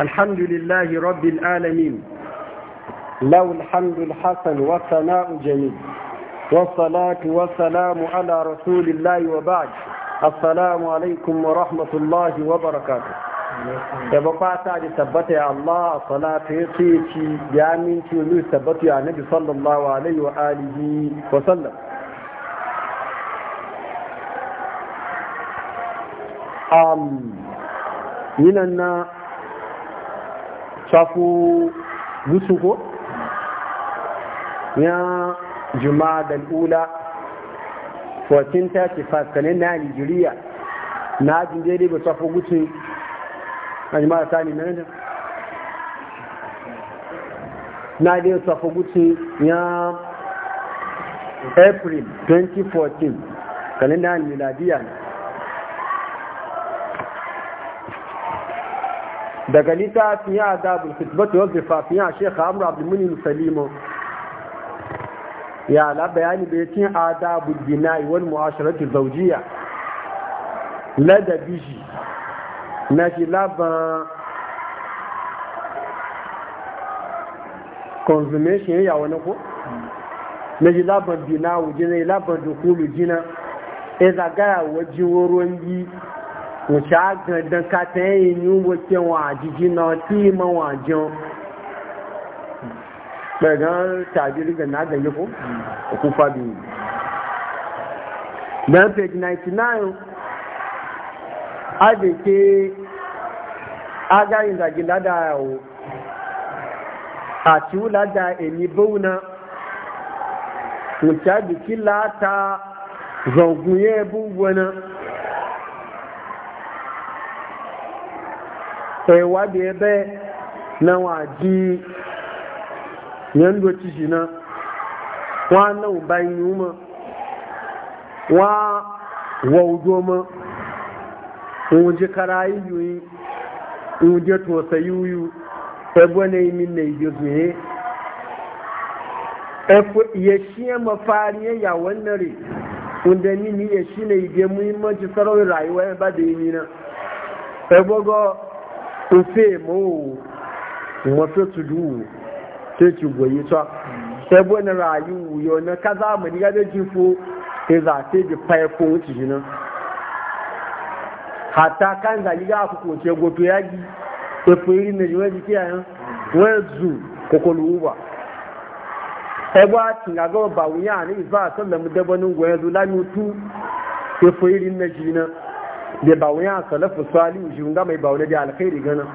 الحمد لله رب العالمين له الحمد الحسن والثناء الجميل والصلاة والسلام على رسول الله وبعد السلام عليكم ورحمة الله وبركاته يا بابا سعد ثبت يا الله صلاة تيتي يا من تيولي ثبت يا نبي صلى الله عليه وآله وسلم أم من النار safu gusu ko ya juma'a ula 1435 kanin na nigeria na ajin daidai ba safu gusu a juma'a sani na nan na dai safu gusu ya april 2014 kanin na miladiya ne daga littafin ya adabul fitbatu wa fafin ya shekh amru abdulmuni salimu ya la bayani bai cin adabul bina'i wal mu'asharatu zawjiyya ladabi shi na shi laban consummation ya wani ko na shi laban dinawu jina laban dukulu jina ya zagaya wajen ruwan yi nci agandan kata yi ni woke wọn ajiji na ti ma wọn ajan pẹ̀gán tàbí rígan náà gẹ̀yẹ́ hmm. fún òkú fàbí then page 99 adèké agayin dàgí ládà ẹ̀wọ̀ àti ó ládà èmi bóun náà nci agbèkí láta zọ̀gùn yẹ́ bú wọn náà e ẹbẹ́ na wọ́n na yẹn ló ti jìnà wọ́n á náà bá inú mọ́ wọ́n á wọ ojú ọmọ òun jẹ́ kára ayíyù yìí òun ya shi mafariyar yawon nare wanda nini ya shi ne muhimmanci sarawar rayuwa ya da yi na. ofe mawo tudu sai ki goyi ta sai bu na rayu yo na kaza zamani ga da jifo sai za ta bi e faye ko wuce shi nan hatta kan zagi ga ku koce goto yagi ko e firi na jiwa ya yan wezu ko koluba sai ba e tinga ga ba wuya ne ba sallan mu dabanin goyen zu lamu tu ko firi na jina da ba wuya salafu salihu shi ga mai ba da alkhairi gana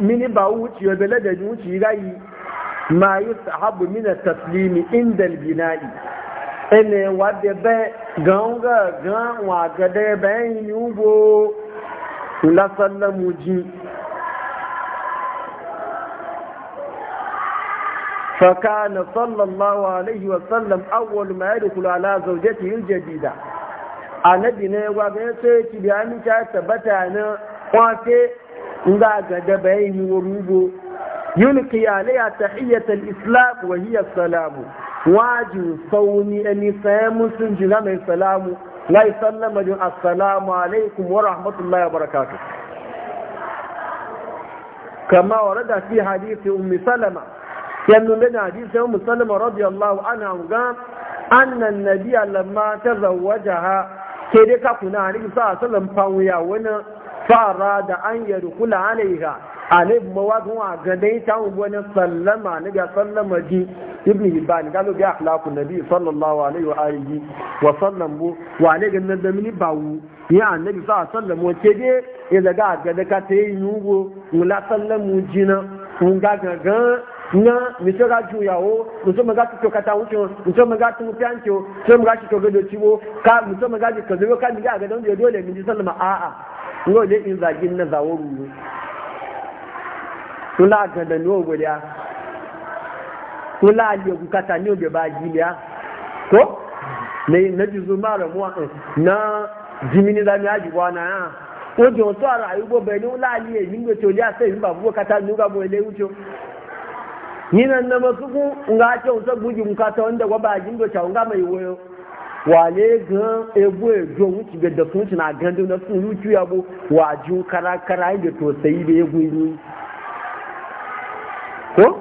mini ba wuci wa bela da wuci gayi ma yi sahabu mina taslimi inda albinai ene wadda bai ganga gan wa gada bayan yugo la sallamu ji فكان صلى الله عليه وسلم أول ما يدخل على زوجته الجديدة annabi ne wa ga yace ki da an ta tabbata na kwace nga ga da bai ni wurugo yulqi alayha tahiyyat al-islam wa hiya salam waju sauni ani sayamu musun jira mai salamu lai sallama jin assalamu alaikum wa rahmatullahi wa barakatuh kama warada fi hadisi ummi salama yanu lana hadisi ummi salama radiyallahu anha ga anna an-nabiyya lamma tazawwajaha sai dai kakuna na hannun sa sallan fawuya wani fara da an yari kula alaiha alaihi mawazin wa gadai ta wani sallama na ga sallama ji ibn hibani galo bi akhlaqu nabi sallallahu alaihi wa alihi wa sallam bu wa ne ga nan da mini bawu ya annabi sa sallam wa ce dai ya daga gadaka ta yi yugo mula sallamu jina mun ga gaga na miso ga juyawo miso maga kito kata wuce miso maga tumu fiyanci miso maga tuto gado ciwo ka miso maga ji ka zuwa kan diga ga don dole min ji sallama a'a ah, ah, ngo le in zagin na zawo ruru tula ga da no godiya tula le ku kata ni ba jiliya ko ne eh, na ji zuma ra mu na jimini da mi aji bwana ya ojo to ara ayugo be ni ula le ni ngo to le ase ni babu kata ni ga bo e le wuce yinan na masu ku nga ce wuta buji muka wanda gwaba a jindo ca nga mai wayo ga gan ebo ejo wuci ga da sun na gandu na sun yuci ya bu waju kara kara da to sai da ya gudu ko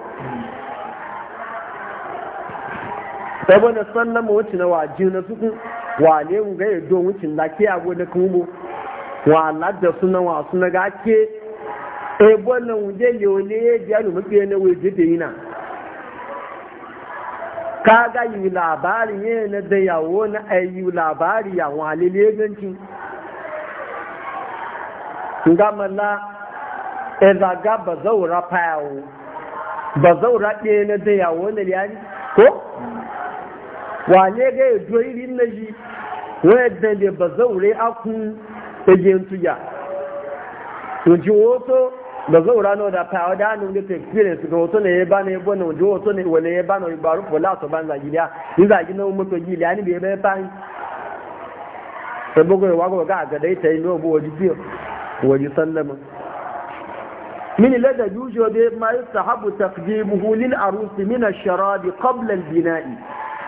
saboda sannan mu wuci na waju na suku wale mu ga ejo wuci na ke abu da kuma wala da suna wasu na ga ke ebo na wuje yole biya no mafi na waje da yina kaga yi labari ne na da yawo na ayi labari ya walile ganci ngamala ezaga bazaura payawo bazaura ɗaya na da yawo na liyani ko wane ga e e ya joyi na shi wadda da bazaure akun ejentuya ya ji woto da zaura no da fawa da hannun da experience ga wato ne ya ba ne bane wajen wato ne wale ya ba ne baru fola to ban zagi da ni zagi na mutu gili ni bai bai fani sai bugu ya wago ga ga dai tai no bo waji biyo waji sallama min lada yujo be ma yustahabu taqdimuhu lil arus min ash-sharab qabla al-bina'i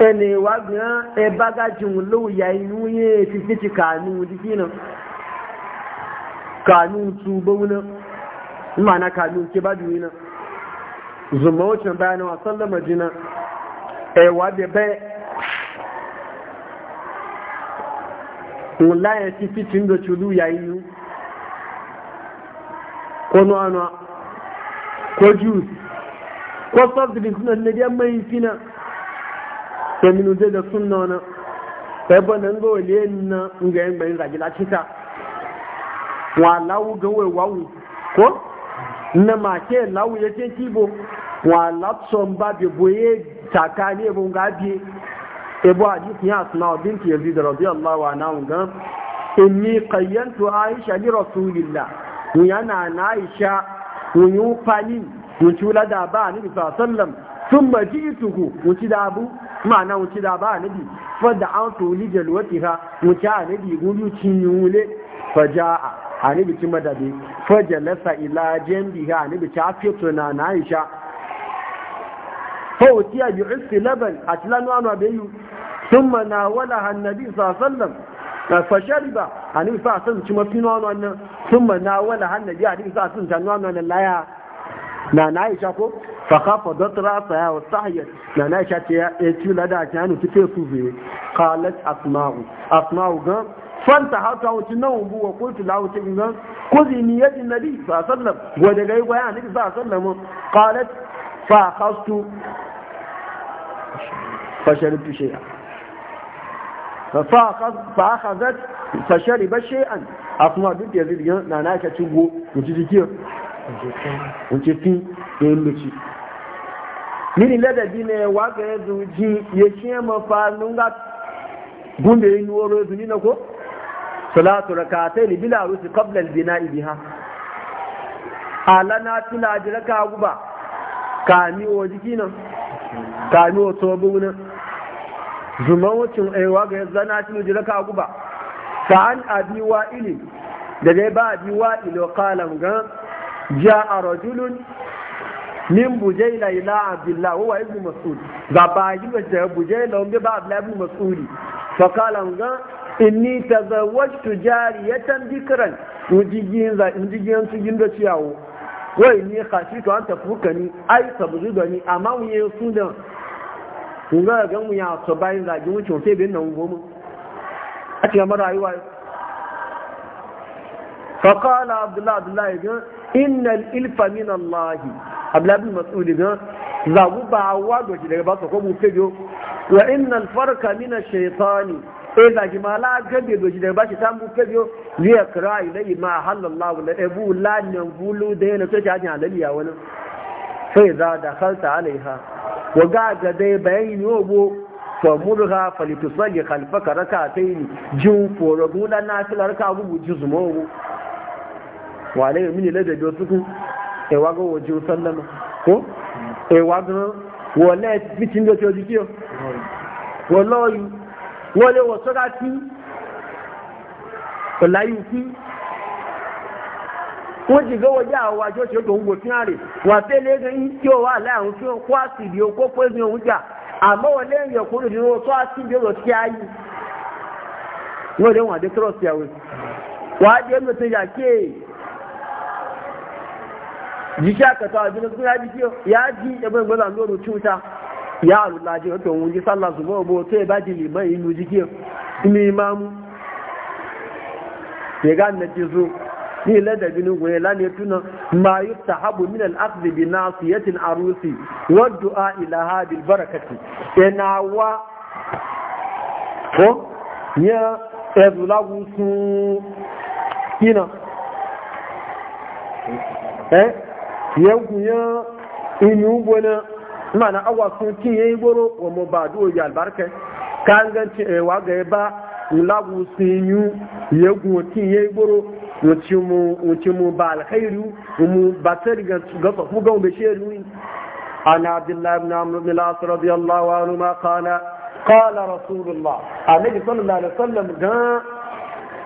ene wagan e bagajin lu yayin uye fi fi kanu dikinan kanu tubuna na kami ke ba da nan zuma wucin bayanin a sallama jina wa da bai wula ya ci fitin da culu yayi yi ko nuwa ko jus. ko soft drink na nadiya mai fina ta zai da sun wani ta yabba nan ga wale na ngayen bayan zagila cika wa lawu ga wai wawu ko na make lawu ya ce kibo wa lapson ba bi boye takani ebon gabi ebo hadisi ya asma binti yazid radiyallahu anha ga inni qayyantu aisha li rasulillah yana na aisha kunyu fani tula da ba ni bi sallam thumma ji'tuhu kunci da abu ma'ana kunci da ba ni bi fa da an tuli jalwatiha kunci a ni bi gudu cinyule fa ja'a ani biki madadi fajalasa ila jambiha ani biki afiyatu na naisha aisha fa utiya bi usi laban atlanu anu abayu thumma nawalaha annabi sallallahu alaihi wasallam fashariba ani sa san ci mafi nono wannan thumma nawalaha annabi ani sa san ta nono nan laya na na aisha ko fa khafa datra sa ya sahiyat na naisha ce ya ci e lada ta hannu take su be qalat asma'u asma'u ga fanta haka wuce nan wubu wa kultu la wuce nan? kuzi ni yaji nabi sa sallam wa daga yi gwaya nabi sa sallam qalat fa khastu fa sharibtu shay'an fa fa akhazat fa shariba shay'an asma duk yazid yan na na ka tugo wuce jiki wuce fi yin luci nini ladabi ne wa ga yanzu ji ya ce mafa nunga gunde yin woro yanzu ni na ko salatu rakatain bila rusi qabla al-bina'i biha alana tuna jiraka guba kami o jiki nan kami o tobu nan zuman wucin aiwa ga yanzu na tuna jiraka guba ta an abi wa ili da dai ba abi wa ilo kalan gan ja a rajulun min bujaila ila abdullah wa ibnu mas'ud za ba yi ba bujaila wanda ba abdullah ibnu mas'udi fa kalan gan inni tazawwajtu jariyatan ya ujigin za ujigin su gindo ciyawo wai ni to an tafi ka ni ai buzu da ni amma mu yi su da kun ga ga mu ya so bayin za gi wucin sai bin nan goma a cikin rayuwa fa qala abdullah abdullah ga innal ilfa min allah abdullah bin mas'ud ga zagu ba wa doki daga ba so ko mu fejo wa innal farka min ash-shaytani sai eh, zagi ma la gabe doji da ba shi ta mu kabe liya kira ilai ma halallahu ebu la nan da yana to jaji halaliya wani sai za da khalta alaiha wa ga ga dai bayani yobo fa murha falitusalli khalfaka rak'atayn jin foro gula na filar ka wa mini suku e wa ga sallama ko e wa ga wala wọ́n lè wọ̀ sọ́dá sí pẹ̀láyù sí wọ́n ti gbọ́wọ́ jẹ́ àwọn àjọ tí ó tó ń gbò fíhàn rẹ̀ wà fẹ́ lẹ́gbẹ̀ẹ́ yìí tí ó wà láàrín tí ó kó àtìrí okó pé ní òun jà àmọ́ wọn lẹ́yìn ọkùnrin ní ó tó àtìrí ọ̀rọ̀ sí ayé wọ́n lè wọ́n àdé sí àwẹ̀ wà á dé mẹ́tọ́ yà kí èyí jíṣẹ́ àjọ yá ẹgbẹ́ lóru tí ó ta ya alulaji wato wunji sallah su bo bo to ba ji liman inu jike ni imam ya ga na jizo ni da ni goye la ne tuna ma ta min al akhdhi bi nasiyati al arusi wa du'a ila hadhihi barakati ina wa ko ya ezulagu sun kina eh yanku ya inu bona mana awa sun kin goro wa mu ba do ya albarka kan gan ce e, wa ga ba lagu sinyu ya gun kin yayi goro wuci mu wuci mu ba alkhairu mu ba tari ga ga fa ku ga mu sheru an abdullah ibn amr bin al-as radiyallahu anhu ma qala qala rasulullah annabi sallallahu alaihi wasallam ga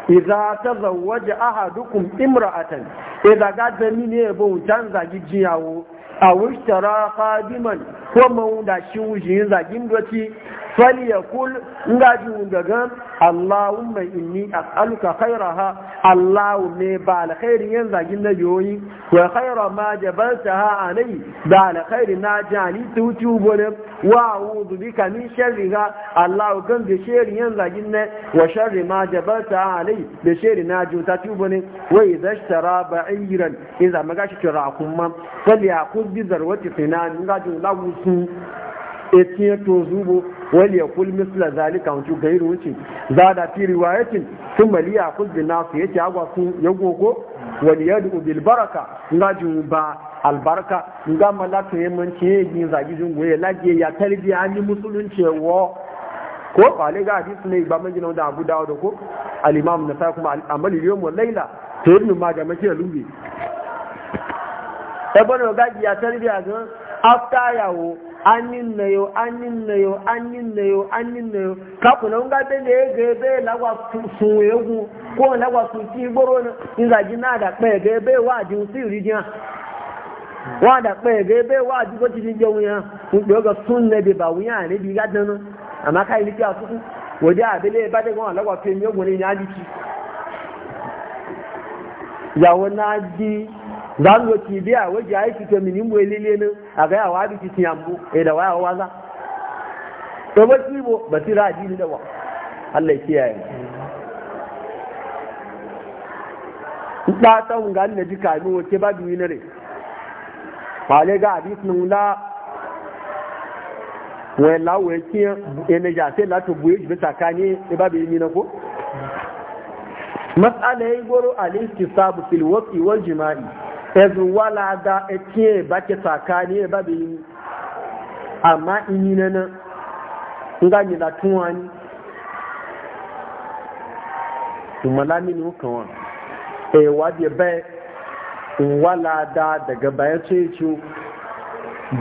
idza tazawwaja ahadukum imra'atan idza gadda mini yabo canza gijiyawo أو اشترى قادما ko man da shi yin zagin doci fali ya kul nga ji gagan Allahumma inni as'aluka khairaha Allahu ne ba alkhairin yin zagin na biyoyi wa khaira ma jabaltaha alai da alkhairi na jani tutu bone wa a'udhu bika min ga Allahu gan da sharri yin zagin na wa sharri ma a alai da sharri na juta tubone wa idza ishtara ba'iran idza shi kira kuma fali ya kul bi zarwati sinan nga ji lagu su etiye to zubo wali yakul misla zalika wancu gairu wuce za da fi riwayatin sun mali ya kul bin nasu ya ce agwa sun ya gogo wali ya dubu bil baraka nga jin ba albarka nga malaka ya manci ya yi zagi jin goye lagiye ya an yi musulunci wa ko kwale ga hadis ne ba mai gina da abu dawo da ko al-imam na sai kuma amal yawm wal layla to ma ga mace lubi e bana ga ya tarbiya ga afta yawo annin na yo annin na yo annin na yo annin na yo kapu na nga ebe lagwa sun egwu ko lagwa sun ti gboro na nga ji na da pe ege ebe wa ji un si ri pe ege ebe wa ji ko ti ji jeun yan un pe oga sun ne be ba wiyan ni bi ga danu ama kai ni ti asuku wo de abele ba de gon lagwa pe mi ya ji yawo na di za mu ci biya waje ya yi fito mini mu lele nan a ga yawa bi ci yambu eh da waya waza to ba ci bo ba ci raji da ba. Allah ya kiyaye da ta hunga e e ne ji kami wace ba duwi ne pale ga hadis nun la wai la wai ki ene ja sai la to buye ji tsakani e ba bi mi na ko mas'ala yi goro al-istisabu fil waqi wal jima'i ezu wala da etiye baki tsakani e ba bi amma ini na nan nga ni la tuwa ni tumala mini hukan wa e wadi e bai wala da daga bayan sai ci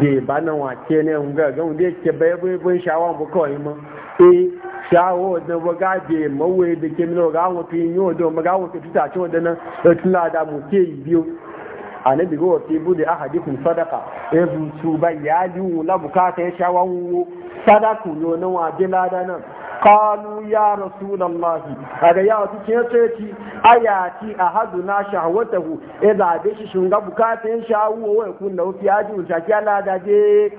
de ba na wa ke ne nga ga wanda yake bai bai bai shawa bu kawai ma e shawo da waga de mawai da ke mino ga wato yin yau da waga wato tuta ci wadana da e tula da mu ke yi biyu anabi go da aka ahadikum sadaka e zu ba ya diwu la bukata ya sha wo sadaku yo na waje lada nan qalu ya rasulullah aga ya wata ce ce ci ayati ahaduna shahwatahu idza bi shi shunga bukata ya shawo wa kun da fi ajiwu ta kala da je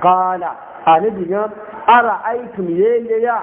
kala anabi ga ara aitum yele ya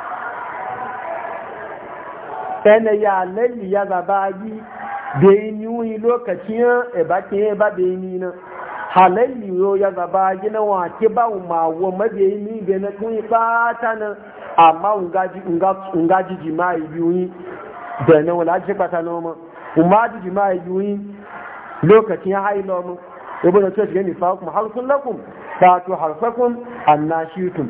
ene ya lalli ya zaba bi bayin yi lokacin e ba na halalli ya zaba ji na wake ba ma wo mabayin e ni ga na kun fata amma ungaji ungaji jima'i biyu da na wala ji fata na mu umaji jima'i biyu lokacin hailo mu ibn tayyib ne fa kuma harsun lakum ta to harsakum annashitum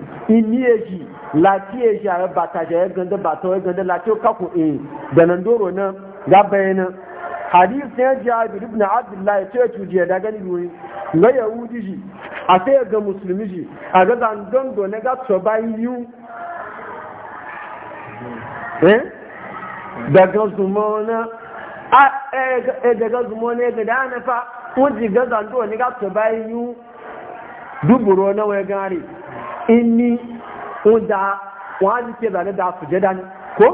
lafiya shi a ba ta shi ganda ba ta ganda lafiya kaku eh da nan doro nan ga bayanan hadis ne jabir ibn abdullah ya ce tuji da gani ruwi ga yahudi shi a sai ga musulmi ji a ga zandon do na ga so bayi yu eh daga zumona a eh, eh daga zumona ga dana fa wuji ga zandon ne ga so bayi yu duburo na wai gari inni wọ́n da wọ́n á di kí da sùjẹ́ dání kó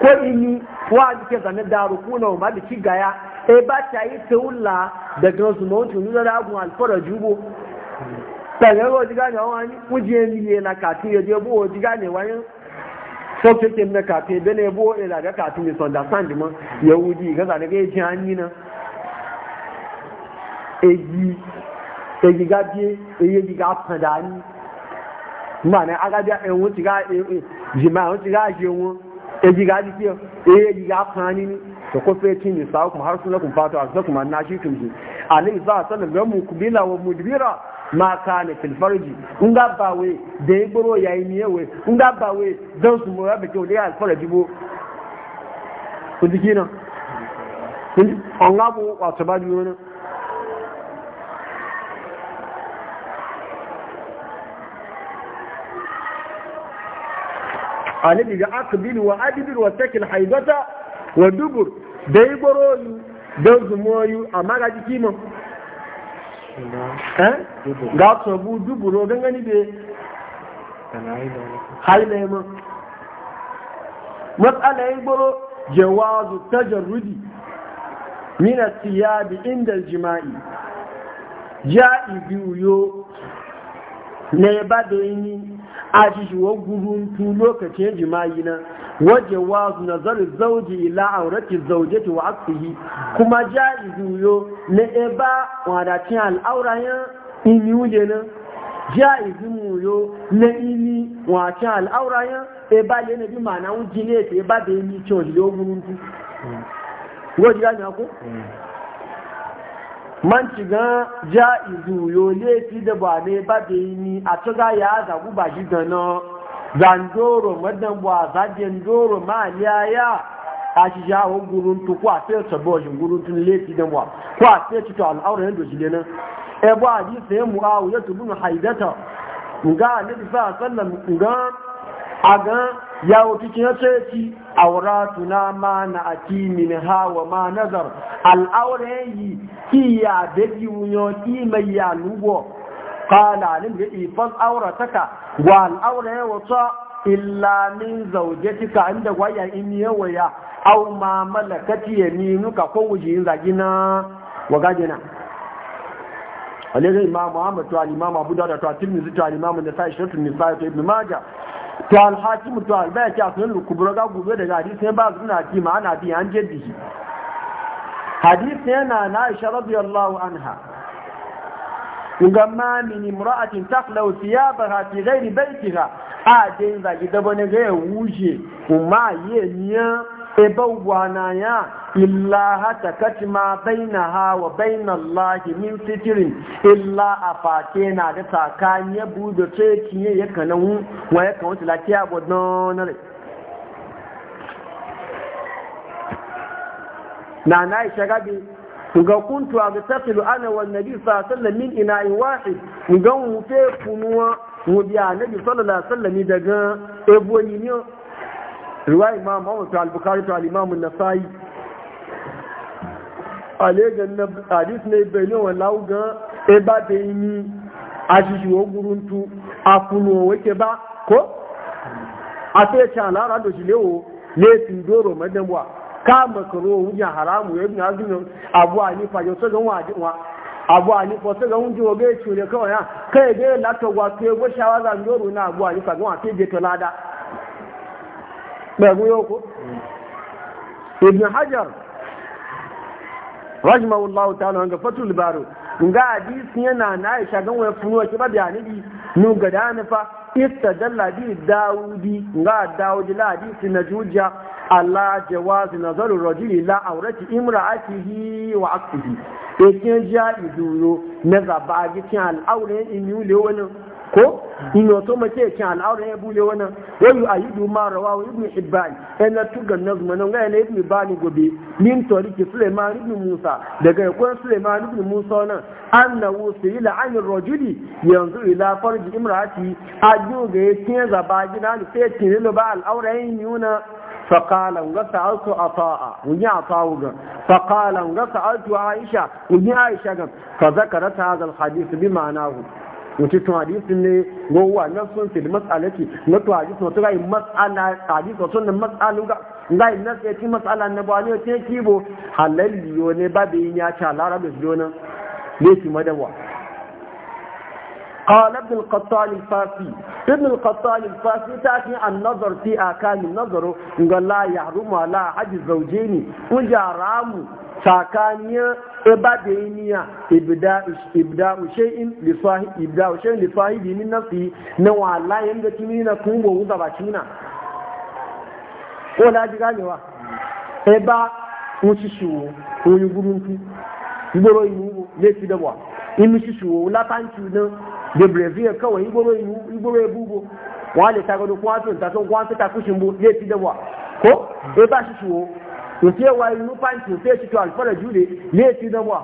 kó imi wọ́n á di kí da rukú náà má di kí gaya ẹ bá ti ayé tẹ ó là dẹ̀gbẹ́ oṣù mọ́ oṣù nínú ọ̀dà àgùn àlùfọ́dọ̀ jù bó pẹ̀lú ẹ̀rọ ọ̀dìgá ni àwọn ẹni wọ́n jẹ́ ẹni yẹn na kàtí ẹ̀dí ẹbú ọ̀dìgá ni wáyé sọ́kẹ́kẹ́ mi kàtí ẹ̀bẹ́ náà ẹbú ẹ̀là gẹ́ kàtí mi sọ̀dà sáǹdì mọ́ yẹ̀wù di ìgbàgbà ke kéjì á ni na èyí èyí gá bíé èyí èyí gá pàdánù mana aga bia ehun ti ga e, e, jima ehun ti ga je won eji ga di kiyo eji e ni to ko fe tin ni sawu kuma har kun fatu azakum an nashi kun ji za sallam ga mu kubila wa mudbira ma kana fil farji in bawe da ya gboro yayi bawe su ko ya farji bo kun ji kun an ga wa tabadi wona annabi ga aqbil wa adbir wa takil haidata wa dubur dai goroyu da zumoyu amma ga jiki mun eh ga tsobu duburo gangani be haila mun matsala yi goro jawazu tajarrudi min at-thiyab inda al-jima'i ja'i biyu na ya ba da yi a shishiwar guruntu lokacin jima'i na waje wa nazarin zauji ila aurati ta wa aksihi kuma ja'izu yo na ya ba wadacin al'aurayen imi wuje na ja'izu mu yo na imi wadacin al'aurayen ya ba ya bi ma'ana wujine ta ya ba da yi cewa shi yo guruntu. Mm. Wajen ya ko? Mm. man shiga ja'izu yo laifi da ba ne ba da yi ni a tuga ya zagu ba shi gana zandoro madan ba zagen doro ma yaya a shi ja wa gurun tu ko a sai ta bo shi gurun tun laifi da ba ko a sai ta al'aura yadda shi nan e ba di sai muawiya tubun haidata nga nabi sallallahu alaihi wasallam nga aga yawo cikin ya ce ci auratuna ma na aki min hawa ma nazar al'auren yi ki ya daji wuyo ki mai ya lugo kala nin da ifan aurataka wa al'auren ya wata illa min zaujatika inda waya in yawaya aw ma malakati yaminuka ko wujin zagina wa gajina alaihi imam Muhammad to al-imam Abu Dawud to at-Tirmidhi to al-imam Nasa'i to Ibn Majah to alhakimu to albaya ce a sunan lukubura ga gobe daga hadisi ba su na ji ma'ana bi an jaddi hadisi yana na aisha radiyallahu anha ga ma min imra'atin takhlu thiyabaha fi ghairi baytiha a dai zagi da ga ya wuce kuma ya niya ebawwanaya illa hata katima baina ha wa baina Allah min fitirin illa a na da tsakani ya buɗe ce kiye ya kanan wa ya kan wata lafiya gwadonar na na ishe gabi ga kuntu a tafilu ana wa nabi sallallahu min ina in wahid ga mu fe kunuwa mu biya nabi sallallahu alaihi wasallam daga ebo ne riwa imam Ahmad ta al ta alimamun na sayi an na hadith ne bele wa lauga da ba de ni ajiji wo guruntu afunu ba ko ate cha lara do jilewo le tin doro madanwa ka makaro wuya haramu ibn azmi abu a fa yo so gan abu a fa so gan ji wo ge chure kawai kai ge lato wa ke go zan doro na abu ali fa gan wa je to lada ɓagu yoko ibn hajar rajmahullahu ta'ala wanga fatul baro nga hadisi yana na aisha gan wani funuwa ki ba da hanibi nu ga da fa istadalla bi daudi nga daudi la adi na juja ala jawazi nazaru rajuli la aurati imra'atihi wa aqsihi e kin a iduro na zabagi kin al'auren imule wani ko ino to mace kin al'aura ya bude wannan wayu ayidu ma wa ibn hibban ina tugan nazma nan ga ibn bani gobe min tariki sulaiman ibn musa daga yakun sulaiman ibn musa nan annahu sayila an rajuli yanzu ila farji imraati ajo ga yace zaba gina ne sai lo ba al'aura yin yuna فقال وسألت عطاء وني عطاء فقال وسألت عائشة وني عائشة فذكرت هذا الحديث بمعناه wuce tun ne gowa na sun fil mas'alati na to hadisin gai mas'ala hadisin sun da matsalu ga gai na sai ki matsala na ba ne ce kibo halal yo ne ba yi ya ta larabe yo nan ne ki madawa قال ابن القطان الفاسي ابن القطان الفاسي تاتي النظر في اكال النظر قال لا يحرم على احد الزوجين وجرام tsakaniyar ibadayiniya e ibda'u shay'in li sahibi ibda'u shay'in li sahibi min nafsi na wala yanda kimi na kun go wuza ba cina ko la ji ganewa eba wuci shuwo ko yi gurun ku iboro imu ne fi imi shi shuwo la tanci na de brevia kawai igboro imu iboro ebugo wa ta godo kwato ta son kwato ta kushin bu ne fi ko eba shi to sai wayi nufanci sai shi to alfara jure ne shi da ba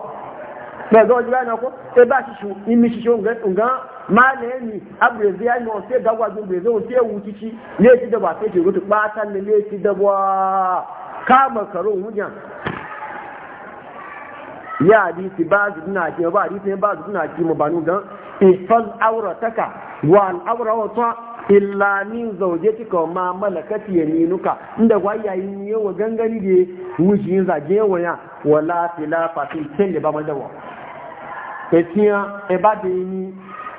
ba zo ji gane ko sai ba shi shi in mi shi shi unga malami abu da ya ne sai ga gwajin bai zo sai wuci shi ne shi da ba dan ifal aurataka wa illa min zaujatika ma Katiya, yaminuka inda gwayayin ne wa gangani da wuji zage waya wala filafa fi telle ba madawa ketiya e ba de ni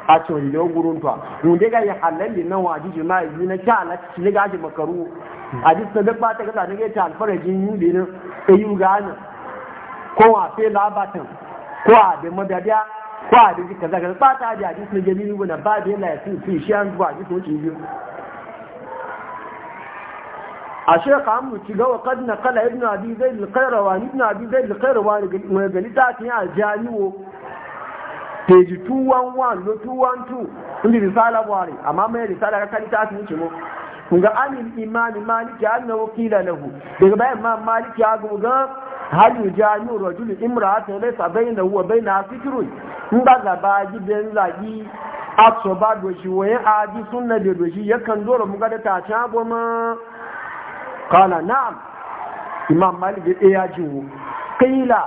a tsolle gurun to mun ga ya halalli na waji jima'i na sha ala ci ga ji makaru a ji sadak ba ta ga ne ta alfarajin e ko a fe ko a madadiya ko a da jika zaga ba ta da hadisi na jami'in guna ba da yana yasin fi shi an zuwa hadisi wuce biyu a shekha an mutu gawa kad na kala ibn abi zai likairawa ni ibn abi zai likairawa mai gani ta ta yi a jami'o page 211 lo 212 inda risala buhari amma mai risala ka kan ta wuce mu kun ga anil imam maliki annahu qila lahu daga bayan ma maliki ya ga hal yujani rajulu imra'atan laysa bainahu wa bainaha fikrun in ba gaba gidan zagi atso ba doshi waye aji da yakan dora mu ga da ta ta goma kana na'am imam malik ya jiwo qila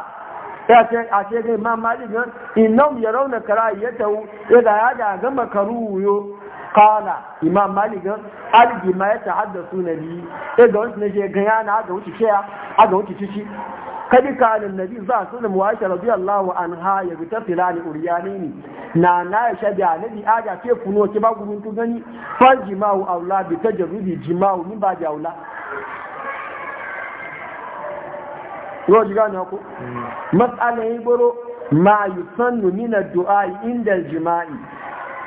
a ce ga imam malik innahum yarawna karahiyatahu idan ya da ga makaruyo kala imam malik alji ma ya tahaddasu nabi idan wani ne ga yana ga wuce ciya aga wuce cici kadi kanin nabi za su da muwaisha radiyallahu anha ya bi ta filani uriyani ne na na ya shabi nabi aja ce funo ki ba gurin tu gani fal jima'u aula bi jarubi jima'u min ba jaula yau ji gane ku matsala yi boro ma yi sannu mina du'a inda jima'i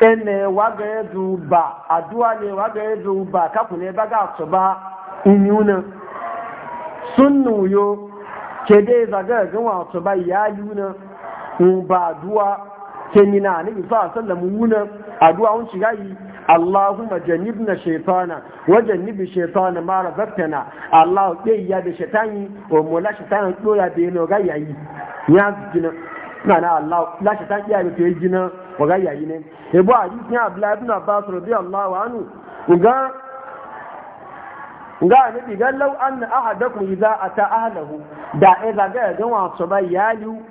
ene waga ya zuba addu'a ne waga ya zuba kaku ba baga su ba inyuna sunnu yo ke dai zaga ga wato ba iyali na ba duwa ke nina ni bi sa sallam wuna addu'a un shiga yi Allahumma jannibna shaytana wa jannibi shaytana ma razaqtana Allah dai ya da shaytani wa mola shaytana doya da yana ga yayi ya gina kana Allah la shaytan ya da gina wa ga yayi ne e bo hadisi Abdullah ibn Abbas radiyallahu anhu ga ga ne da lau an na ahadakum idza ata ahlahu da ai e zaga ya ga wasu ba yali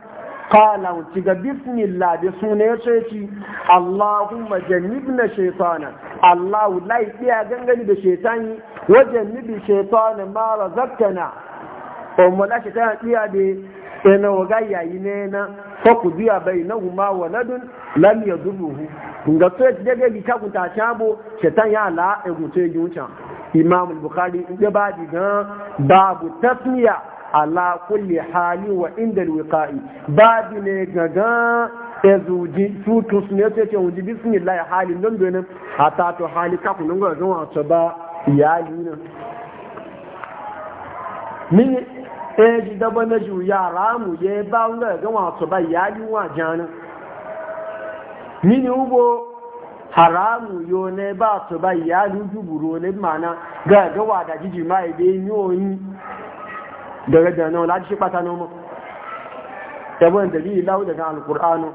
qala wuci ga bismillah da sunan ya ce ci e allahumma jannibna shaytana allah lai iya gangani da shaytani wa jannibi shaytana ma razaqtana o mu la shaytana iya de ina e waga yayi ne na ko ku biya bai wa waladun lam yadurruhu ga to ya ga ga ta kunta shabo shaytan ya la e gutse gunta imam al-bukhari ya ba digan babu tasmiya ala kulli hali wa inda al babu ne gaga ezuji tutus ne sai ce wuji bismillah halin don don hata to hali ka kunun ga zuwa to ba iyali nan min eji da na ju yara mu ye ba ga ga wa to ba iyali wa jana min ubo haramu yo ne ba su ba ya ruju buru ne mana ga ga wa da jiji mai be yoyi daga da no la shi pata nomo tabon dalili lahu daga alqur'anu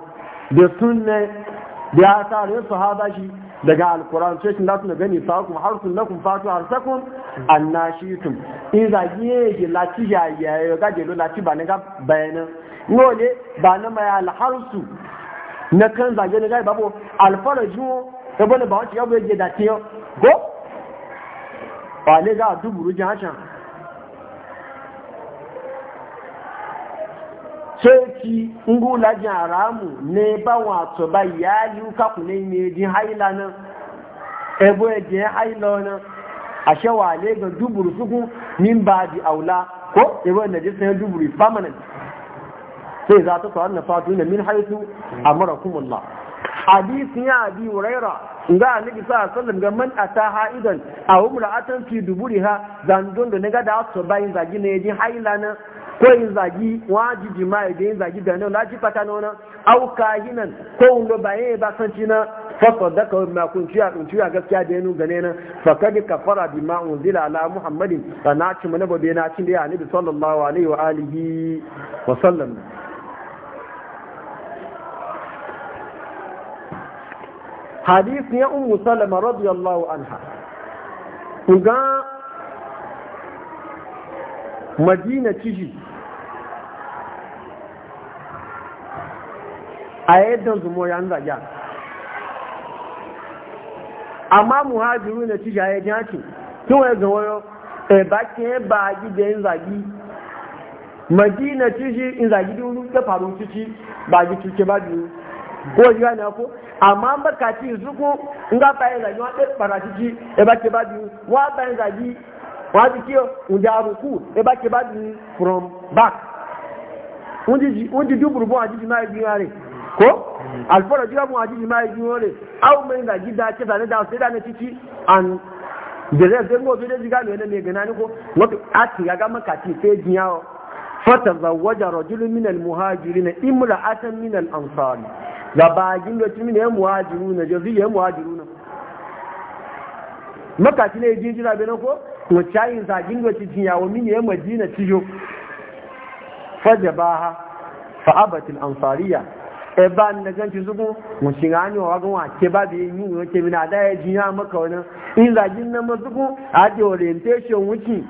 da sunne da ya sa ne sahaba shi daga alquran sai kin lasu gani sa'akum harsun lakum fatu harsakum annashitum in zagi ji lati ya ya ga je lo lati ba ne ga bayanan ne ba na mai alharsu na kan zage na gai babu alfara juwo ta bane ba wacce yabo yake dace yau go ba ne za a duburu jin hacan soki ngula jin aramu ne ba wato ba ya yi kaku ne ne jin haila na ebo ya jin haila nan a shawa ale ga duburu suku min ba di aula ko ebo na jisun duburu permanent sai za ta tsawon na fatu na min haitu a mara kumulla hadisin ya abi nga ga annabi sa sallam ga man ata haidan a umra atan fi duburiha zandon da naga da su bayin zagi ne ji haila na ko yin zagi wajibi ma da yin zagi da nan laji fata nona au kahinan ko ulo baye ba san cina fa sadaka ma kun ciya kun ciya gaskiya da yanu gane na, fa kad kafara bima unzila ala muhammadin sana ci mana babe na cin da ya annabi sallallahu alaihi wa alihi wa sallam hadith ya ummu salama radiyallahu anha kuga madina tiji a zumo ya zagya amma muhajiru na tiji a ki yake tun wani gawayo e ba ya ba gida yin zagi madina tiji in zagi da wani faru tiji ba gi tuke ba biyu ko ji gane ko amma bakaci zuku nga bayan zagi wa ɗin baratici e ba ke ndi wa bayan zagi wa ji kiyo nja ruku e ba ke badu from back unji duburu bu ajiji ma yi yare ko alfara jiga bu ajiji ma yi yare au mai da ke da da an jere zai ne gana ni ko a ti ga makaci jiyawo rajulun minal gabagin lokacin mini yan muhajiru na jazi yan muhajiru na makaci ne jin jira benin ko to cayin zagin lokacin yawo mini yan madina cijo fajabaha fa'abatin ansariya e ba ni da ganci zuku mu shiga ni wa gan wace ba bi yin yi wace mina da ji na maka wani in zagin na mazuku a ji orientation wuce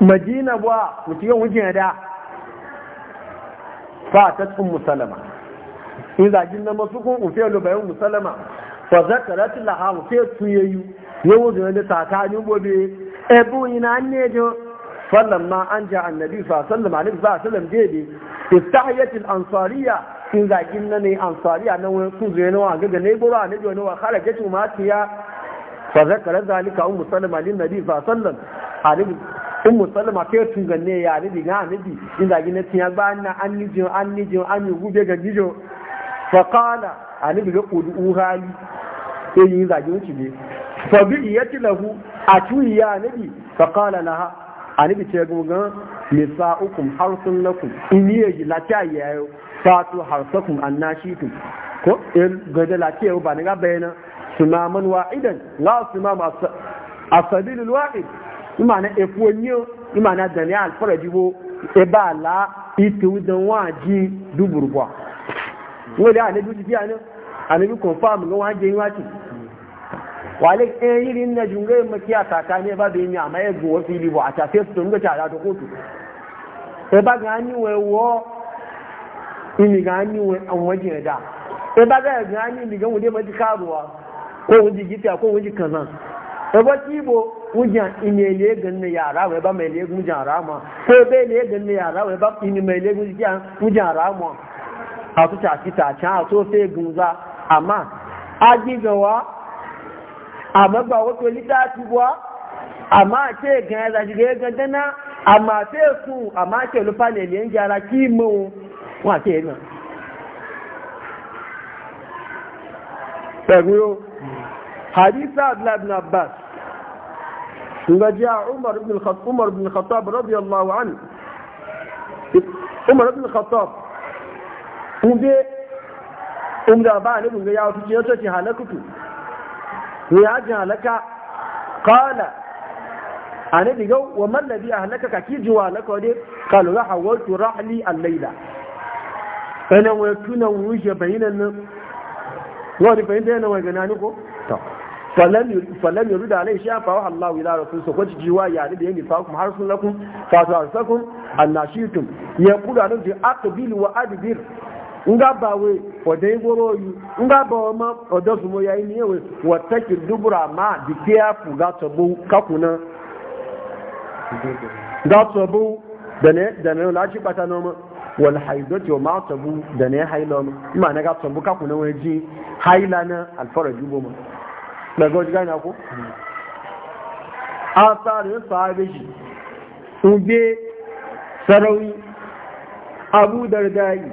madina ba wuce yin wuce da fa ta tsun musalama in zagin na masu kun ufe lo bayan musalama fa zakarat laha ufe tuyeyu yawo da da tsakanin gobe ebu ina ne jo ma an ja annabi fa sallallahu alaihi wa sallam dede istahiyat al ansariya in zagin na ne ansariya nan wani kun zuwa na ga ne gora ne jo ne wa kharajatu ma tiya fa zakarat zalika ummu sallama lin nabi fa sallallahu alaihi in musalma ke tunganne ya ni diga ni di in zagi na tiya ba na an ni jo an ni jo an ni gube ga gijo faƙala a nabi ga ƙudu uhali sai yi zage wuce ne fabi ya ci lahu a tuyi ya nabi faƙala na a nabi ce gungan nisa ukun harsun lakum in yi yaji lafiya yayo fatu harsakun an nashitu ko in gada lafiya ba ni ga bayanan sumaman wa'idan la sumam asabilul wa'id imana efuonyo imana dani alfarajibo eba ala itu dan waji duburwa wọ́n lé ànẹ́bí ti díà náà ànẹ́bí confam ló wá jẹ́ níwájú wà lè ẹn yìí nínú ẹjù ńgbé mẹ́kí àtàkà ní ẹbá bèé ní àmà ẹgbùn wọ́n fi ilé bọ̀ wujan ime ile ne yara wai ba mai legun jan rama ko bai legun ne yara wai ba ime mai legun jan rama a su tafi tacen a so sai gunza amma a gigawa amma ba wato littafi ba amma ce gan ya zaji ga gandana amma sai su amma ke lufa ne liyan gyara kimin wa ke nan hadisa abdullahi abbas ga jiya umar ibn khattab radiyallahu an umar ibn khattab kunde umda ba ne kunga ya fice yato ya ji halaka wa man a ka kiji wa halaka de qalu la hawaltu rahli al-layla kana wa tuna wuje bayinan nan wani bayin yana ko ila rasul ya da yani fa kuma har sun wa adbir ngabawe ọdẹ igboro oyi ngaba ọma ọdọ sumo ya ini ewe wọtẹki dubura ma di keafu gatọbu kakuna gatọbu dane dane lachi pata n'ọma wal haidoti o ma tọbu dane haila ọma ma na gatọbu kakuna wee ji haila na alfara ma gbẹgbẹ ojiga na ko asari sahabeji ngbe sarawi abu dardari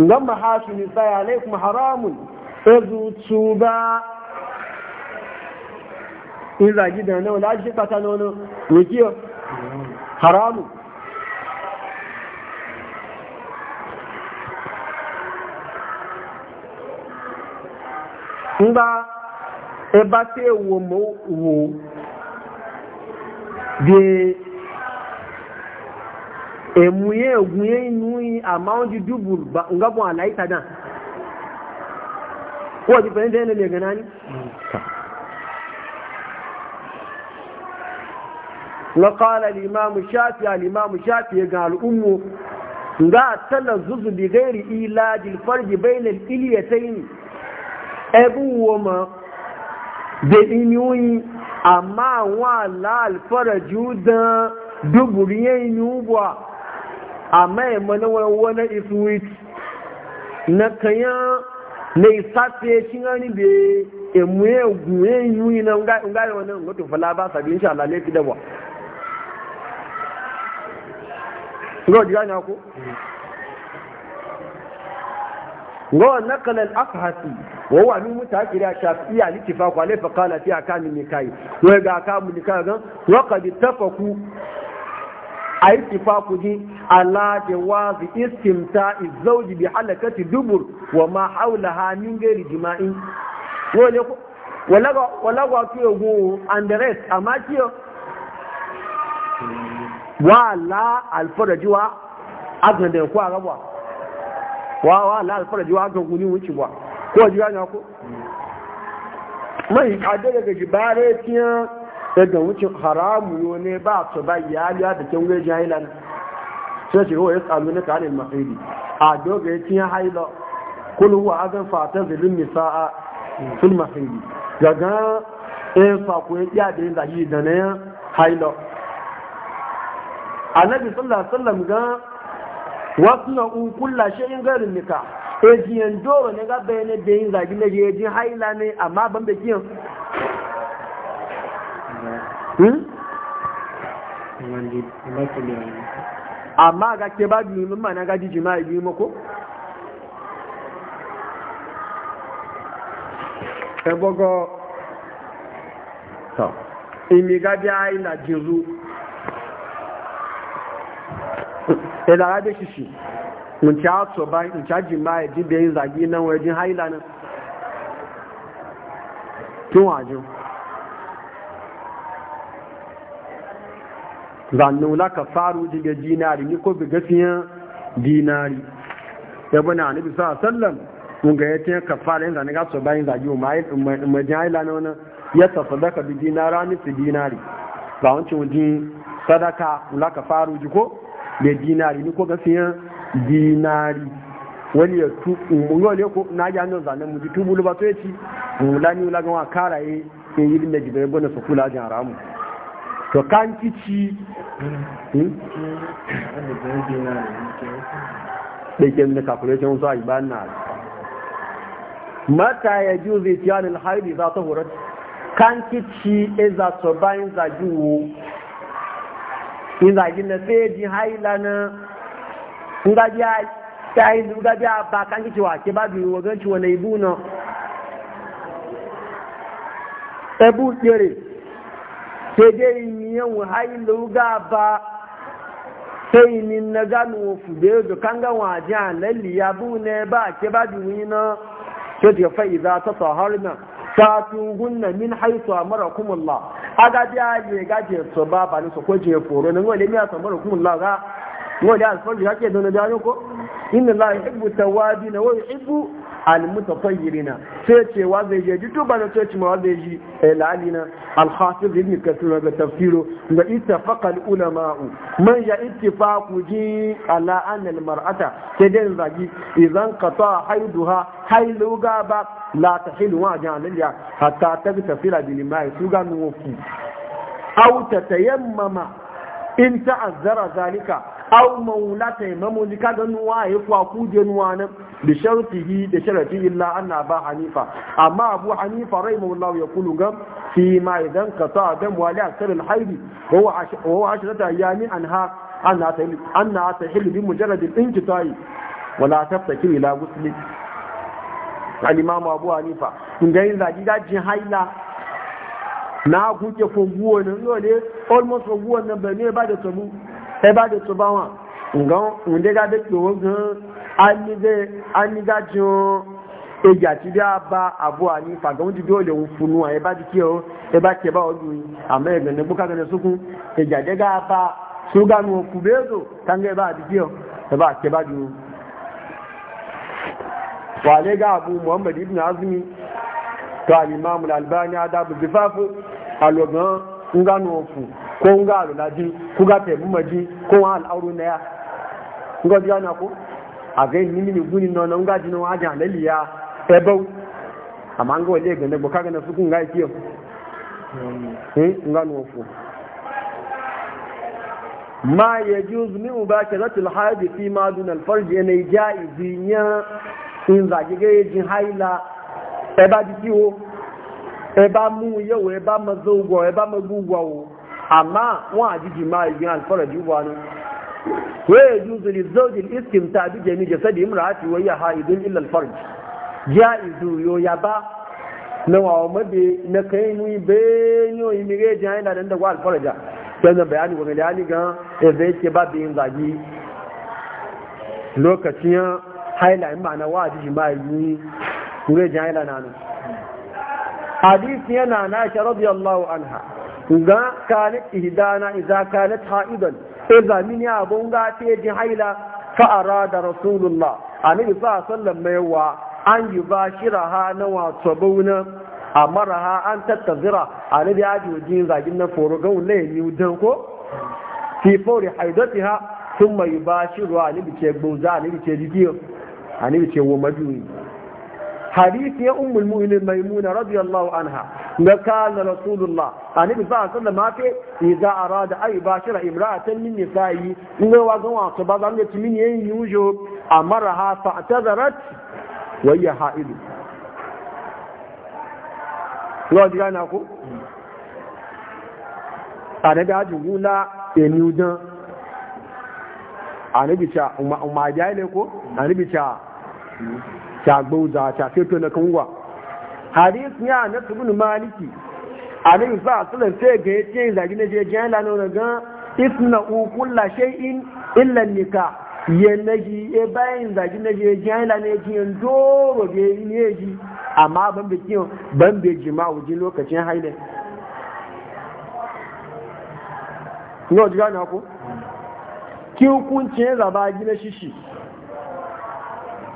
ngan mahashu nisa alaikum haramun ezutu ba in na da nan wala shi fata nono ne kiyo haramu ngba e eba se wo mo wo de emuye egunye inuyi amaoji dubur ba nga bu ala ita dan ko di pende ene le ganani wa qala al imam shafi al imam shafi ga al ummu nga tala zuzu bi ghairi ilaj al farj bayna ama wa la al farj amma ya mana wani isuwit na kanya na isafe shi gani be emuye guye yuyi na ngari wani ngoto fala ba sabi insha Allah laifi da ba ngo diga na ko ngo nakal al afhasi wa huwa min mutakira shafi'iyya litifa qala fa qala fi akami nikai wa ga akamu nikai gan wa qad tafaku a ittifaku ji ala jawazi istimta izauji bi halakati dubur wa ma haulaha min gairi jima'in wole ko walaga walaga ki ogun and the rest amaki wala alfaraji wa agande ko arabwa wa wala alfaraji wa agun ni wuci ba ko ji ga ko mai adega ga jibare tiyan daga wucin haramu yo ne ba su ba iyaliya da kin gaji hailan sai shi oh, ya tsalu ne kanin mahidi a doga ya cin haila kul huwa azan fata zilin nisaa fil mahidi daga eh fa ko ya da yin zahi da ne haila annabi sallallahu alaihi wasallam ga wasna'u kullu shay'in ghairin nikah ejiyan eh, doro ne ga bayanin da yin zagi na jejin haila ne amma ban da kiyan Hmm? amma ga ke ba biyu min mana gaji jima'i biyu mako? ẹgbọ́gọ́ ìmìgábí àìlà jìrú ìdára bí ṣìṣì ǹkí a tọ̀ bá ǹkí a jima'i jíbe ìzàgí náà wọ́n àjọ́ zannu la ka faru diga dinari ni ko bi gafiyan dinari ya bana annabi bisa sallam mun ga yace ka fara yin ga so bayin zagi mu mai majala la wannan ya tasadaka bi dinara ni su dinari ba wancin wajin sadaka la ka faru ji ko da dinari ni ko gafiyan dinari wani ya tu mun yo le ko na ga nan zanan mu ji tubulu ba to la ni la ga wa karaye yin da jibe bana su kula jin to kan kici ɗaikin hmm? da calculation wasu a iban na mata ya ji zai ciya ne alhairi za ta horar kan kici e in za ta bayan zagi wo in zagi na sai ji haila na ngaji a ta yi ngaji a ba kan kici wa ke ba biyu wajen ciwo na ibu na ebu tsere sai dai miyan wahayi luga ba sai ni na gano fude da kan ga waje halalli ya bu ne ba ke ba duwi na to ta fa na ta fatu gunna min haythu amarakum Allah aga dia ye ga je so ba ba ni su ko je foro na ngole mi asa mara kumulla ga ngole asfar ya ke don da ko inna Allah yuhibbu tawabin wa yuhibbu المتطيرين سيتي وزيجي جتو بنا سيتي وزيجي العلينا الخاطب ابن كثير بتفسيره اتفق العلماء من يا اتفاق جي على أن المرأة تدين زاجي إذا انقطع حيضها حيلو غابا لا تحل واجعل حتى تغتسل بالماء سوغا نوفي أو تتيمم in ta'azzara zalika aw maulata imamu lika ga nuwa ya kwa kuje nuwa nan bi sharfihi da sharati illa anna ba hanifa amma abu hanifa rahimahullahu yaqulu gam fi ma idan qata dam wali asr al hayd huwa huwa ashrat ayami anha anna ta anna bi mujarrad al inqita'i la taftakir ila ghusli al imam abu hanifa in ga yin zagi gajin haila na kuke foguwa na yole almost foguwa na ba ne ba da tabu sai eh, ba da tuba wa ngan wunde ga da tsowo gan anize aniga jo eja ti bi aba abu ani fagan ti do le funu e ba ti ki o e ba ke ba odu ama a e gan ne buka gan sukun eja de ga aba suga nu kubezo tange ba ti ki o e ba ke ba du wale ga abu muhammad ibn azmi to al-imam al-albani adabu zifafu alogan nga nufu ko nga alulaji ko ga taimumaji ko wa al'auru na ya nga ji ana ko a ga yi mini guni na na nga ji na wajen alali ya ebau amma nga wale gane ba kaga na su kun ga yi kiyo nga hmm, nufu ma ya juzu min mubasharatul haidi fi ma dunal farji ne jaizi ya in zagi ga yajin haila eba di wo? ẹba mú yẹ wo ẹba mọ zó gbọ ẹba mọ gbú gbọ wo àmà wọn àjíjì yi ìgbìn àlùfọ́rọ̀ jù wọn. wéè jùzù lè zóòjì ìsìn tá a bí jẹmi jẹ sẹ́dí ìmúra àti wọ́n yà ha ìdún ilẹ̀ àlùfọ́rọ̀ jù. yá ìdù yóò yà bá na wọn àwọn mẹ́bi na kàn inú ibẹ̀ ní òyìn mi rédíò ayé náà dẹ́ndẹ̀ wọ́n àlùfọ́rọ̀ jà da bẹ̀yàní wọ̀nyẹ̀lẹ̀ yà ni gan ẹ̀fẹ̀ ṣe bá bí lokacin haila in ma'ana wa àjíjì máa ìgbìn rédíò ayé náà nù. hadisi yana na shi radiyallahu anha ga kani ihdana idza kanat haidan idza min ya abun ga te din haila fa arada rasulullah annabi sallallahu alaihi wasallam mai wa an yubashiraha na wa tabuna amaraha an tattazira annabi ya ji wajin zagin na foro ga ulai ni udan ko fi fori haidatiha thumma yubashiru annabi ce gbunza annabi ce dikiyo annabi ce wa maduni Hadisi ya ummul mu'minin maimuna radiyallahu anha ga kana rasulullah annabi sallallahu alaihi wasallam afi idza arada ay bashara imra'atan min nisa'i in ga wa gawa to ba zan ga timin yayin yujo amaraha fa tazarat wa hiya ha'id wa diga na ku annabi ajugula emi udan annabi cha umma jale ko annabi cha ta gbauza ta feto na kanwa hadis ya na tsibin maliki alayhi sa sallan sai ga yin zagi na ya jala da ga isna u lashe in illa nikah ya naji ya bayan zagi na je yake ne ki da yi ne ji amma ban bai kiyo ban be jima'u ji lokacin haile o ji gane ku? Ki hukuncin zaba gina shishi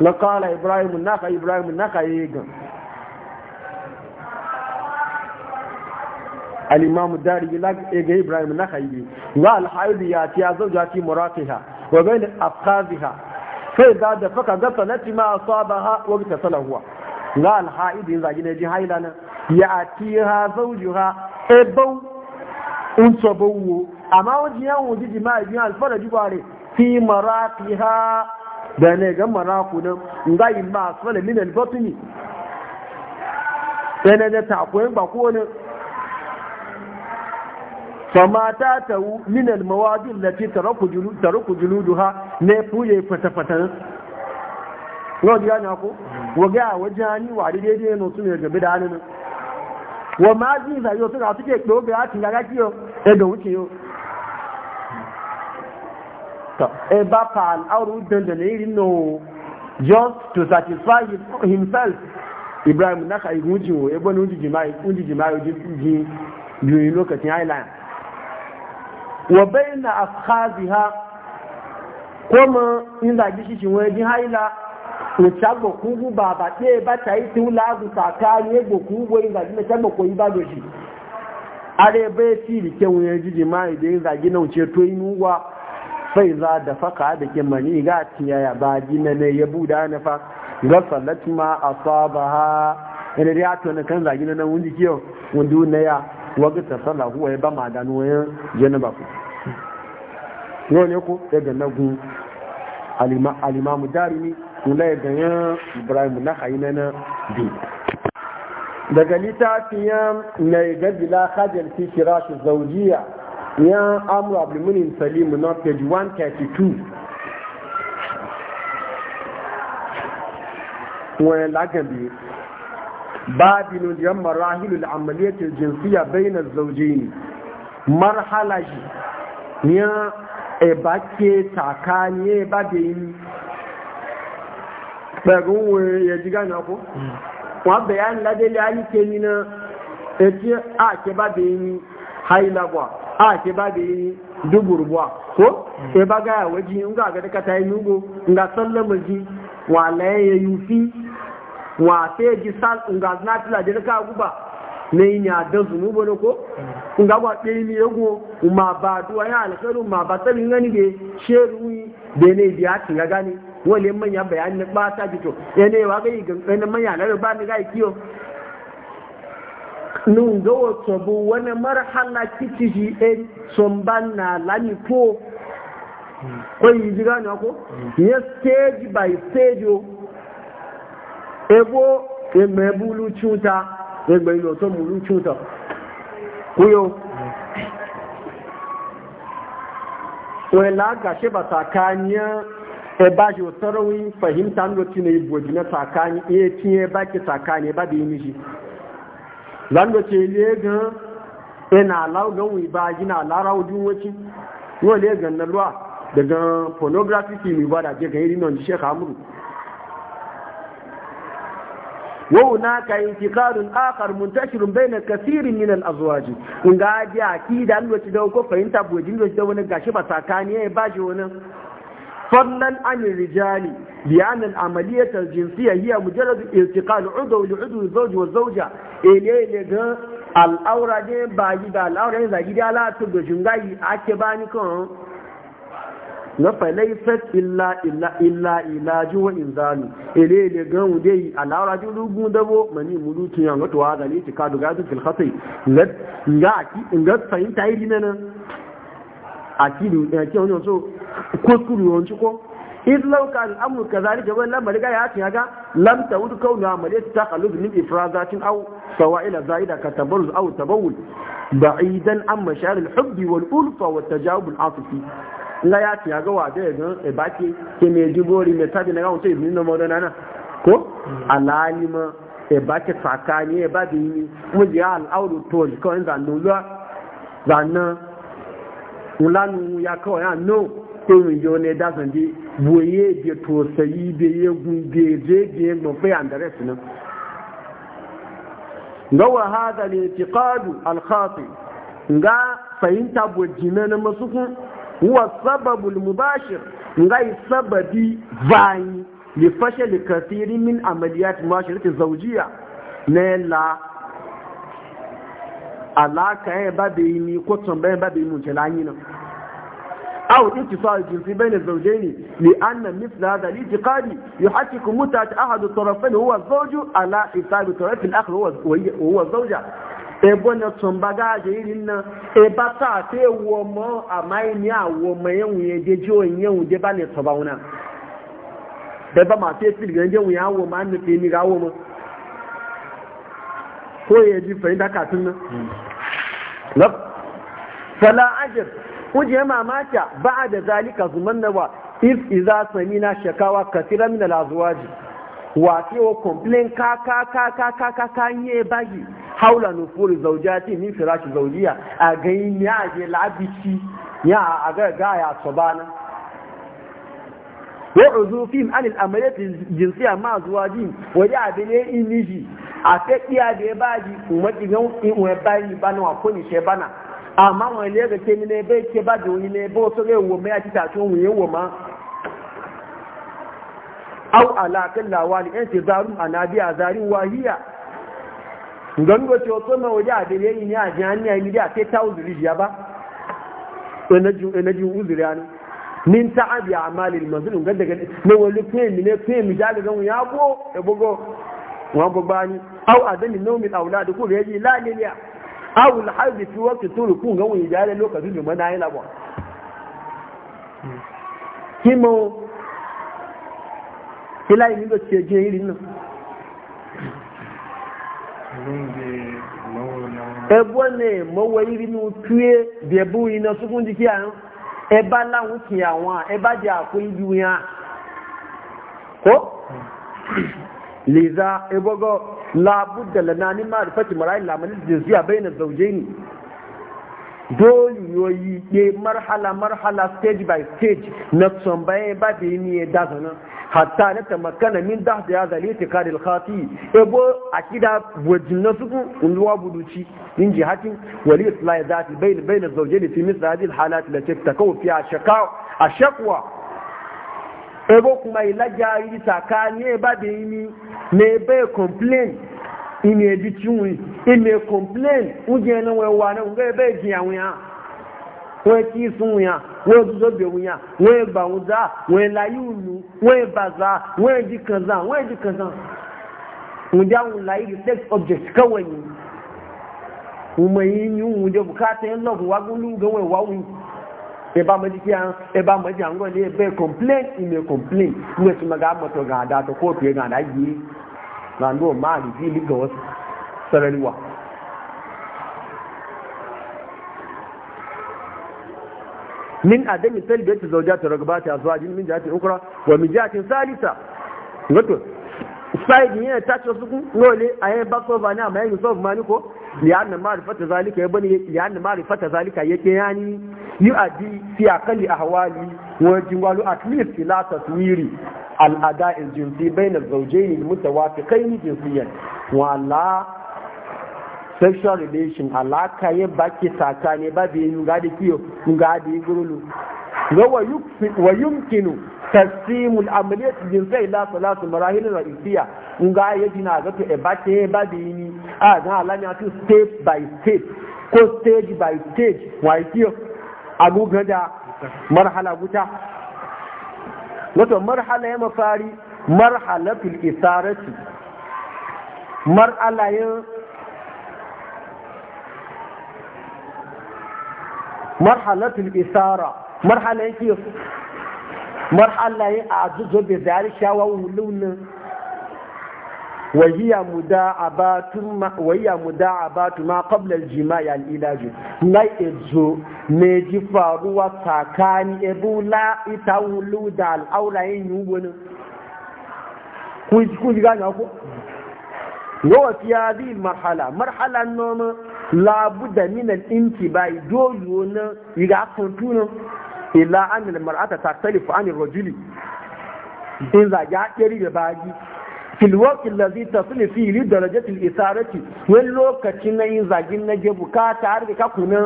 na kala ibrahim naka ibrahim naka yi gan alimamu dari ga ibrahim naka yi wa alhaidu ya ci ya zauja ci murakiha wa bayan afkaziha sai za da faka gasa na ci ma saba ha wa bisa salahuwa ga alhaidu yin zagi na ji haila na ya ci ha zauju ha in e ebau un wo? amma wajen yawon jiji ma yi alfara jibare fi ha. da ne ga maraku nan nga yi ma asfala min albatni sai na ta akwai ba ko ne fama ta tawu min almawadi allati taraku julu taraku juluduha ne fuje fata fata ngo diga na ko waga wajani wa dai dai no sun ga da nan wa ma ji za yo suka suke dogo ya tinga ga kiyo e da wuce yo So, about an outward than no, just to satisfy himself. Ibrahim naka ka igunji wo ebo ni unji jimai unji jimai unji ji yuri lokacin island wa baina afkhaziha kuma inda gishi shin wani haila ko chago kugu ba ba te ba ta yi tu la gu ta ka ni ego kugu inda ni chago ko iba do shi are be ti ri ke wani jimai de inda gi na uche to inuwa sai za da faka da ke mani ga tiyaya ba gina ne ya buda na fa ga salat ma ha ina ya to na kan zagi na wunji kiyo wundu na ya waga ta huwa ya ba ma da noyan ba ku no ne ko daga nagu alima alimamu darimi kula ya ibrahim na hayi na bi daga litafiyan na ga bila hajar fi kirashi zaujiya yan amur abdulmunin salimu na page 132 hmm. wani lagabi babinu yan marahilul amaliyatul jinsiya bainar zaujeni marhala shi yan ebake tsakani ebade yi pẹ̀gún wo yẹ̀jí gánà kó wọ́n bẹ̀yà ńlá délé ayíkẹ́ nínú ẹ̀tí àkẹbàdé yìí hailagwa a ke ba da yi duburbuwa ko ke ba gaya waje in ga gada ka ta yi nugo nga sallama ji wa laye ya yi fi wa sai ji sal nga na tila da ka guba ne yi ya da zumu bane ko nga ba ɗaya ne ya go ma ba duwa ya alkhairu ma ba tsarin gani da sheru yi da ne biya ci ga gani wale manya bayani na ɓata jito yanayi wa ga yi gangan manya na riba ni ga yi kiyo nun ga wato bu wani marhala kitiji en somban na lani ko ko yi ji gani ko hmm. ya stage by stage ebo eme bulu chuta egbe ilo to mulu chuta kuyo wela ga shi ba tsakaniya e ba shi wasu fahimta ndoci na yi boji na tsakani iya cinye e baki tsakani ba da yi mishi zanga ce le gan ina lawo gan wi ba gina lara wujin wace yau le gan na ruwa daga pornography ki mi ba da je ga irin shek amuru wa hunaka intiqadun akhar muntashirun bayna kathirin min al-azwaj nga ji akida an wace da ko fahimta bojin da wani gashi ba sakani ya ba ji wani fannan an rijali لأن العملية الجنسية هي مجرد التقاء عضو لعضو الزوج والزوجة إليه لغا الأورا دين باجي دا الأورا دين زاجي دا تبدو جنغاي أكباني كون نفليست إلا إلا إلا إلا جوا وإنزال إليه لغا ودي الأورا دين لغون دو مني ملوكي يانغت وهذا كادو دغادو في الخطي نغت نغت نغت فإن تايلنا أكيد أكيد أكيد أكيد أكيد أكيد Islamu kan amma kaza a ni gaban lamba dai, ya cinyaga lamba ta hudu kawai na amma dai, sai ta halu da nufi a farashin awa, sa'wai na za'i da katabar an mashaya dama, abbi wani ulfa wani tajabu a fiti. Nga ya cinyaga wa zai zo a baki kama idan bori na tabiya na kama wancan iri na na, ko al'adu ma a baki tsakanin ya yi baki yanzu, mu biya a aure toz kawai zan nuna, wajen da ya no. irin yi ne da zan bi boye bi tosayi bi ya gumbe je bi ya gbafe an da resu nan wa hada ne tiqadu alkhati ga fahimta bojina na masukun wa sababul mubashir ga sababi bayi li fashal kathiri min amaliyat mashirati zawjiya ne la alaka ya e babe ni ko tambaye babe mun ce lanyi أو اتصال الجنسي بين الزوجين لأن مثل هذا الاعتقاد يحقق متعة أحد الطرفين هو الزوج على حساب الطرف الآخر هو هو الزوجة ebo na tumbaga ajiri na eba ta te wo mo amai ni awo mo yehun ye de jo yehun de ba le toba una be ba ma te fil ganje ya wo ma ni pe ni ga wo mo ko ye ji fa inda ka tun na fala ajir kuje mamaki ba da zalika zuman na wa if iza samina shakawa kasira min al-azwaji wa ce wa complain ka ka ka ka ka ka ka nye bagi haula nufuri zaujati min firashi zaujiya a gayin ya je labici ya a ga ga ya sabana wa uzufim an al-amaliyat jinsiya ma azwaji wa ya bile iniji a ta iya da ya kuma kigan in wa bayi bana wa kuni bana. Ama àwọn ilé ẹ̀rẹ̀ tẹ́mi ní ẹbẹ́ ìké bá dùn ilé ẹbẹ́ òtọ́rọ̀ èwò mẹ́ àti tààtù ohun yẹn wò máa au alakalla wa ni yan tizaru anabi azari wahiya ngan go ce to na waje adire yi ni a jani da ke ta ya ba enaju enaju uzuri an min ta'abi a'mali al-mazlum ngan daga ne wani pe mi ne mi ya go e bogo wan bobani au adani nawmi al-awlad ko reji la awul harbi fi wakti turu kun ga wani jare lokacin da mana yi labon kimo ila yi nigo ce je irin nan ẹgbọ́ ní mọ́wọ́ irin ní tíwé bẹ̀bú iná súnkún jí àrùn ẹbá láwọn kìí àwọn ẹbá jẹ́ àkó ibi wọn kó liza ibogo labudda da ni ma'rifati marayil lamalin jinsiya na zawjaini dole yoyi ke marhala marhala stage by stage na baye ba da yi niye da zana hatta na tamakana min da ya zale ta kare alkhati ebo a wajin na suku unduwa buduci in jihatin wali islahi zati bayin bayin zauje da fi misali halati da ta kawo fi a shakwa ebo kuma ilaja iri saka ni eba da imi na ebe complain imi ebi tiwi imi complain uje na we wa na nga ebe ji awon ya we ti sun ya we duzo bi won ya we ba won za we la yulu we ba za we di kaza, za we di kan za mun da won la iri sex object kawai ni mun mai yin yun mun da bukata yin love wa gulu ga we wa wun eba maji kiya eba maji ango ne be complain in a complain ne su maga moto ga da to ko pe ga da yi na ndo ma ri bi li go sarelwa min adami talbiyat zawjat ragbati azwajin min jihati ukra wa min jihati salisa wato side ne ta ce su kun nole ayi ba so ba ne yi ko li'anna ma'rifata zalika ya bani li'anna ma'rifata zalika yake yani yu'addi fi aqalli ahwali wa jingwalu at least la taswiri al ada' al jinsi bayna al zawjayn al mutawafiqayn jinsiyan wa la sexual relation alaka ya baki tsakani babu yin gadi kiyo gadi gurulu wa yumkinu tasimul amaliyat jinsai la salatu marahil ra'isiya in ga ya jina ga to e bace ba da yini a ga alamiya step by step ko stage by stage wa kiyo aguga da marhala guta wato marhala ya mafari marhalatul isarati mar'alayin marhalatul isara marhala yake mar Allah yin a zuzo bai zari shawa wulunin mu muda a batu ma kablar jima'i al'ilaju na izo ne ji faruwa tsakani ebula ita wulu da al'aura yin yi wani kun ji gani ku yawa fi ya zai marhala marhala noma labu da minan inci bai dole wani yi ga akwai tunan ila annal mar'ata taktalifu anil rajuli in za ya kiri da baji fil waqti allazi tasli fi li darajati al isarati wani lokaci na yin zagin na je bukata har da kakuna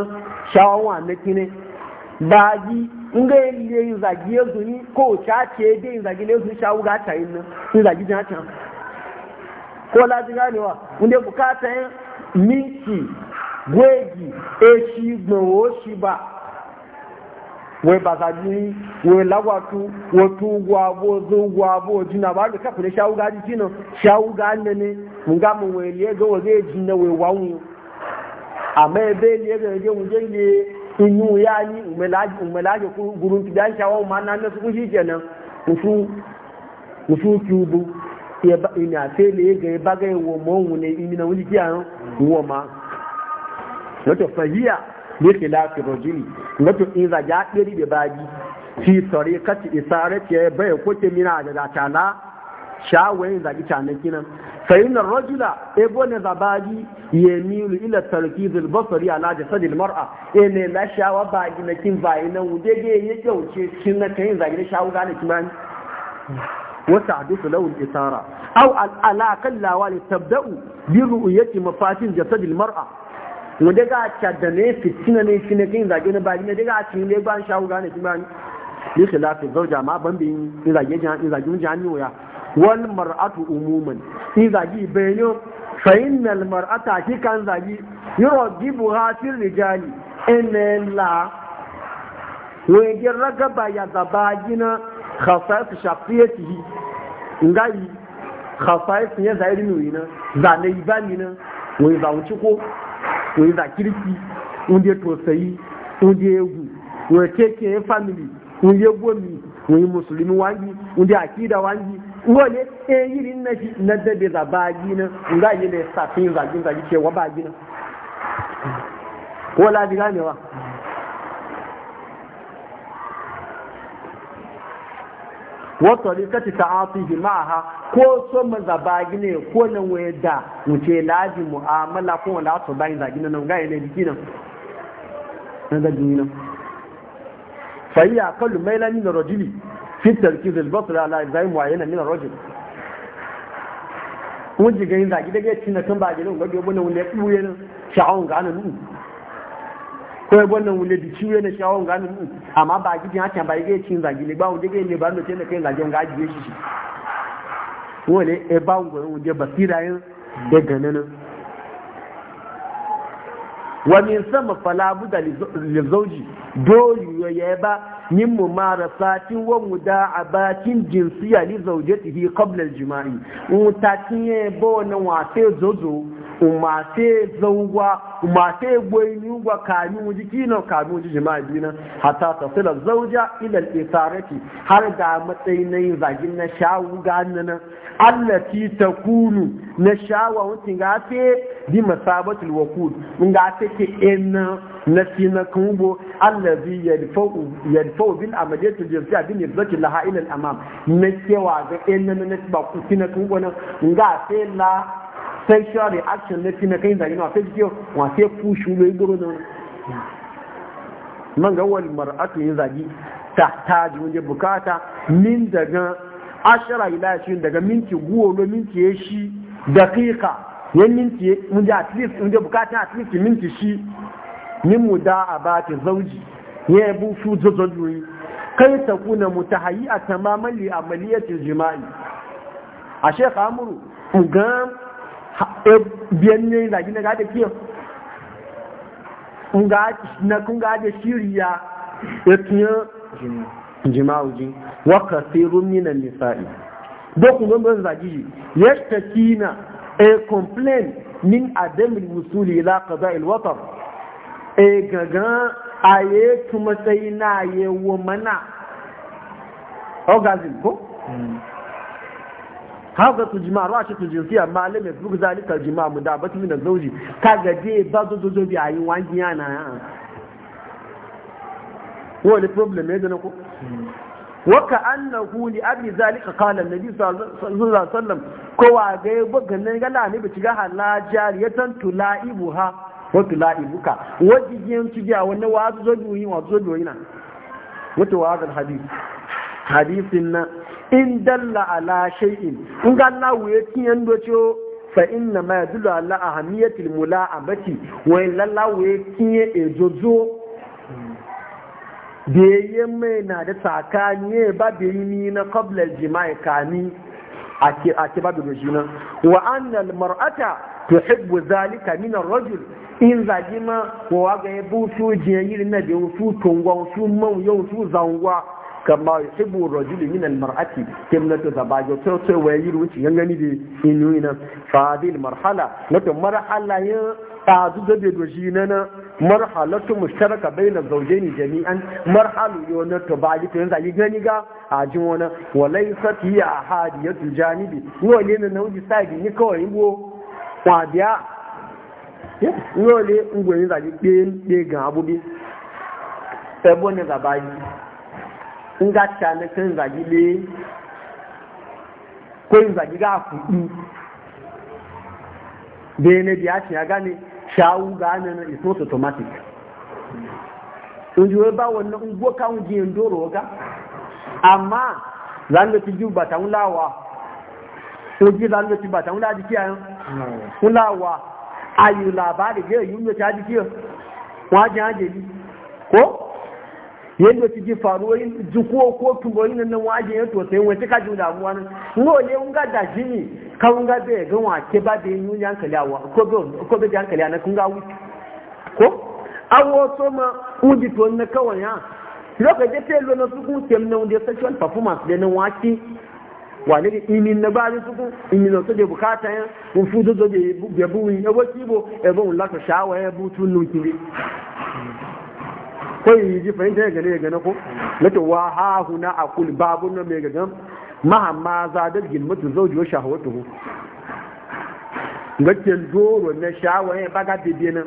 shawawa na kine baji in ga yin zagi ya zuni ko cace dai yin zagi ne su shawu ga ta yin nan zagi da ta ko laji ganewa inda bukata yin minki gwegi eshi gbawo shi ba wai bazajiri wai lagwatu wato gwabo zo gwabo jina ba da kafin shawu gaji kino shawu gaji ne mun ga mun wai liye ga waje jinna wai wawu amma ebe liye ga je mun je liye inu ya ni umelaji umelaji ku gurun ti dan shawu ma nan ne su ku shikenan musu musu tubu ya ba ina sai liye ga ba ga wo mon ne imina wuli kiyan wo ma wato fahiya lifilafin rojini mutum in zage ɗiri da baji fi tsari kaci isare ke bai kuke mina da dacana shawayin zage canan kinan sai na rojula ebo ne zabaji ya milu ila tarki zilbasari a lajin sadin mara e ne na shawa baji na kin bayi na wuce ga yi yake wuce shi na kayin zage na shawu gane kiman wata hadisu lawun isara au al'alakan lawa ne tabda'u bi ru'uyati mafatin jasadil mar'a mu ga ta da ne fitina ne shi ne kin zage ne ba ne daga ta ne ban shawo ga ne kuma ni khilafi zauja ma ban bin ni zage jan ni zage mun ni waya wal mar'atu umuman ni zage bayo fa innal mar'ata ki kan zage yurajibu hatir rijali inna la wajin ragaba ya zaba gina khasaisu shafiyatihi ngai khasaisu ya zairi nuyina zane ibani na wai ko wani da kirki wani tosayi wani egu wani keke family wani gomi wani musulmi wangi wani akida wangi wani ɗaya e, irin na shi na dabe za bagi na nga yi ne safin zagin zagi cewa bagi na wala bi ganewa wata rikati ta afihi ma'aha ko so mu zaba gine ko nan waye da wuce laji mu'amala ko wala to bayin zagi nan ga ne biki nan nan da jini nan fa ya kallu maila min rajuli fi tarkiz al-basra ala wa yana min rajul kun ji ga yin zagi daga cin na kan ba gidan ga gobe nan wanda ya tsuye nan sha'awun ga nan kawai wannan wule da ciwo na shawon gani amma ba a gijin hakan ba ya gaya cin zagi ne ba wunde gaya ne ba mace na kai zagi ga ajiye shi shi wale e ba wungorin wunde basira yin da ganin wani sama falabu da lizauji dole ya ba min mu mara satin wa mu da a bakin jinsiya lizauje tihi kablar jima'i mutakin ya ba wani wafe zozo umate zaugwa umate gwaini ugwa kami wuji kino kami wuji jima'i dina hatta tasila zauja ila al-isarati har da matsayin na yin zagin na shawu ganana allati takunu na shawa wuti ga fe bi masabatul wakud mun ga ke en na sina kumbo allazi yalfau yalfau bil amaliyati jinsiya bi nisbati laha ila al-amam na cewa ga en na ba ku sina kumbo na ga fe la sexual reaction na fina kai zagi na sai kiyo wa sai fushu ne goro na man ga wal mar'atu yin zagi ta ta ji wanda bukata min daga ashara ila shi daga minti goma minti ya shi daqiqa yan minti ji at least wanda bukata at least minti shi min abati zauji ya bu zozo zozoji kai ta kuna mutahayyi a tamaman li jima'i a shekha amuru ugan E, biyan ne zagi na gada kiyo na kun gada shiriya ya e fiye jima'uji sai kasirun na nisa'i duk gumbar zagi ya shi e na a complain min adamin musuli ila qada alwatar a gaga a kuma tumasai na aye wa mana orgasm ko hmm. kaga su jima ruwa ce su jinsiya malam ya zuwa zalika jima mu da batu da zoji ka gaje ba ayi wani yana ya wani problem ya zana ku waka an na abin zalika kala na bi zuwa sallam ko wa ga yi ganin gala ne ba shiga halajiya ya san tula ibu ha ko tula ibu ka wajen jiyan biya wani wa zo wa zo bi na wata wa hadisi na in dalla ala shay'in in ga Allah ya tiyan docho fa inna ma yadullu ala ahamiyatil mula'abati wa in Allah ya ejojo da yayi na da tsakani ba da yi ni na qabla al-jima'i kani ake ke ba da wa annal mar'ata tuhibbu zalika min ar-rajul in zagima wa ga yabu su jiyayi na da su tungwa su man yau su zangwa kama yuhibbu rajulu min almar'ati kim na to zabajo to to wayi ruci gangani da inu ina fadil marhala na to marhala ya tazu da be doji na na marhalatu mushtaraka baina zawjaini jami'an marhalu yo na to baji to yanzu yi gani ga a ajin wani walaysat hiya ahadiyatu janibi yo ne na nauji sai ni kawai go kwadiya yo ne ngwe ni zaji pe pe gan abubi ebo ne zabaji nga cha ne kan zagi le ko in zagi ga kuɗi da ne ga nan is not automatic sun ba wannan ka unji yin doro ga amma zan da tiju ba ta wulawa sun ji zan da tiju jiki yan wulawa ayu labari ga yun da yadda su ji faruwa yin jiko ko tungoyi nan nan waje ya to sai wace ka ji damuwa nan ngo ne un ga da jini ka un ga be ga wa ke ba be yun yan kala wa ko be ko be yan kala na kun ga wuce ko awo so ma un ji to na kawai ya lokaci te lo na su kun tem na un da sexual performance da nan waki wani da Imi na ba bari suku imi na soje bukata ya un fudu zoje be buwin ya waki bo e bon la ko shawa ya butu nun kiri kai yi ji fahimta ya gane ya gane ko lati wa ha huna akul babun nan mai gagan mahamma za gilmatu zauji wa shahawatu gakken doro na shawaye baga bibiye nan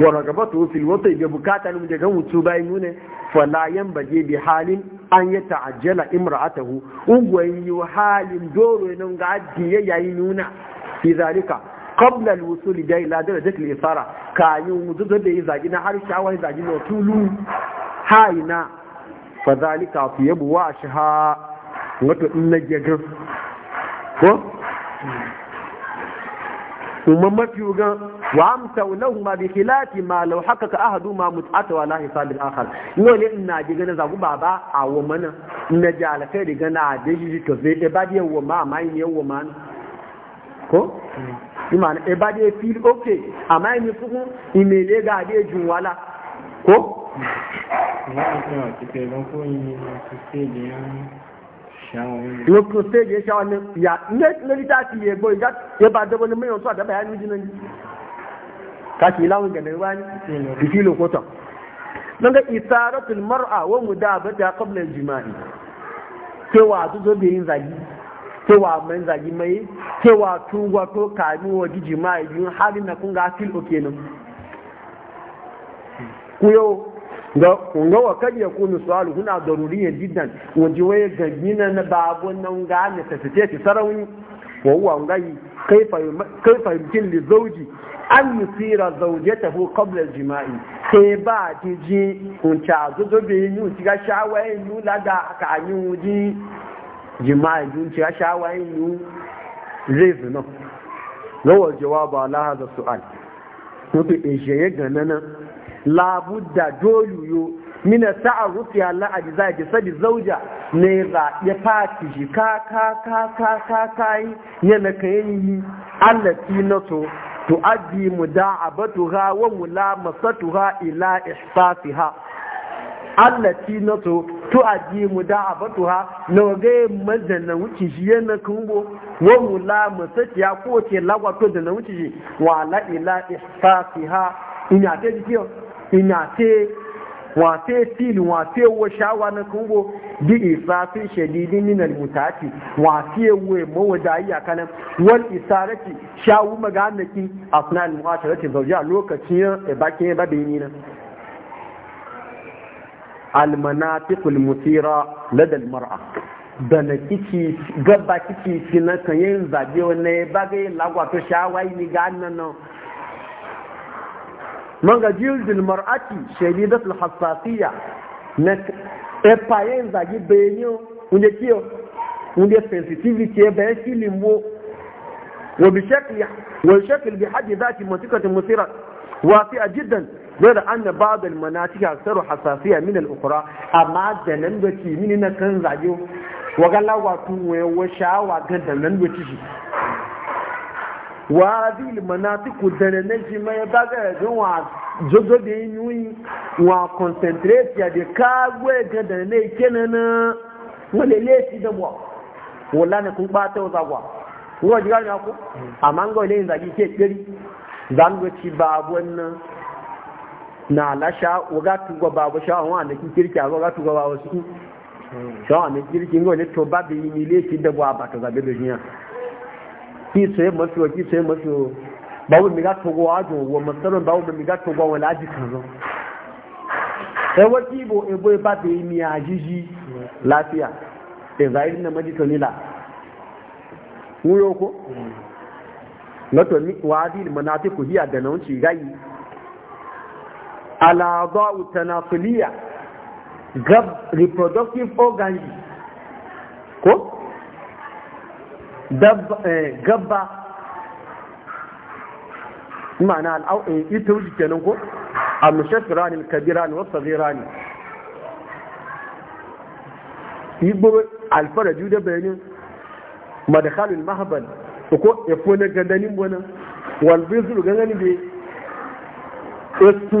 wa ragabatu fil wata bi bukatan mu daga mutu bayan nune nuna? yan baje bi halin an ya ta'ajjala imra'atahu ugwayi halin doro nan ga adiye yayi nuna fi zalika qabla al-wusul da ila darajat al-isara ka yi wudu da yi zagi na har shawai zagi na tulu haina fa zalika fi yabu wa shaha wato in na jagar ko kuma mafi ga wa amsa lahu ma bi khilati ma law hakaka ahadu ma mut'ata wa la hisab al-akhar ngo ne ina ji gana zagu baba a wo mana na ji alakai da gana da shi to zai e ba da yawo ma mai yawo ma ko imana e ba de feel amma ni fuku imele ga de jun ko lókun stage ẹ ṣáwọn ya lórí táàkì yẹgbọ́ ìjá yẹba dọ́gbọ́ ní mẹ́rin ọ̀tọ́ àdábà yá ní ojúná ní káàkiri láwọn gẹ̀dẹ̀ wá ní ìfìlò kótọ̀ lọ́gbẹ́ ìsáàrọ̀tún àwọn mùdá àbẹ́tẹ̀ akọ́bìnrin jùmọ̀ àdì pé wà àtúntò bìnrin zàgí cewa mai zagi mai cewa tuwa wato kami wa jiji mai yun halin na kun ga fil oke ku yo ga kun ga wa kadi yakunu su'alu huna daruriyan jiddan waje waye gabina na babu nan ga ne ta tace ta sarauni wa huwa ngai kaifa kaifa kin li zawji an yusira zawjatahu qabla al-jima'i sai ba ti ji kun ta zo zo be yu ti ga shawaye yu la da ka anyu ji jima'i junci ya shawayin yi zai zina rawar jawaba laha da su'al mafi ɗanshiye gana nan labudda doluyo mina sa'a rufiya la'adi za ki sabi zauja ne za ya fati shi ka ka ka ka ka ka yi yana ka yi allafi na to tu'addi mu da'abatuha wa mulamasatuha ila ihsasiha allati na to to aji mu da ha na ga na wuce shi na kumbo wa mula musatiya ko ce to da na wuce shi wa la ila ha ina te dikiyo ina te wa te til wa te wa shawa na kumbo bi isafin shadidi min al mutati wa te we mawadaiya kana wal isarati shawu maganaki asnal mu'asharati zawja lokacin e bakin babini na almanatikul musira ladal mar'a da na kici gaba kici shi na kan yin zabe wani ba ga yin lagwato shawai ni ga annan nan man ga jildil mar'ati shadidatul hassasiyya na epa yin zage bayani wanda kiyo wanda sensitivity ya bayan shi limbo وبشكل والشكل بحد ذاته منطقة مثيرة واسعة جدا غير أن بعض المناطق أكثر حساسية من الأخرى أما دنن بتي من نكن زاجو وقال واتو وشا وقال دنن بتي وهذه المناطق دنن جما يبقى جوا jogo da yi yi wa concentrate ya da kagwe ga da ne kenan wale lefi da ba wala ne kun ba ta zagwa ko ji ga ku amma ga le yin zagi ke kiri ci ba wannan na lasha waga tuga babu shawon a ki kirki a waga tuga babu su shawon ki kirki ga wani to babu yi ni lefi da ba ba ta zabe da jiya ki sai masu wa ki sai mafi babu mi ga tuga wa jo wa ba babu mi ga tuga wa laji kan zo sai wati bo e boy e ba be mi ajiji lafiya e zairi na maji to nila mu ko na to ni mm. wadi manatiku hiya da nan ci gayi Alaba utanafiliya gab reproductive organs ko eh, gabba ma'ana al'au'in eh, ita wuce kenan ko a mushafirani kabirani wasu tsagirani igbo alfara juda bayanin madakhalul mahaban ko efo na gandanin wani walbin zuru ganganin da ya su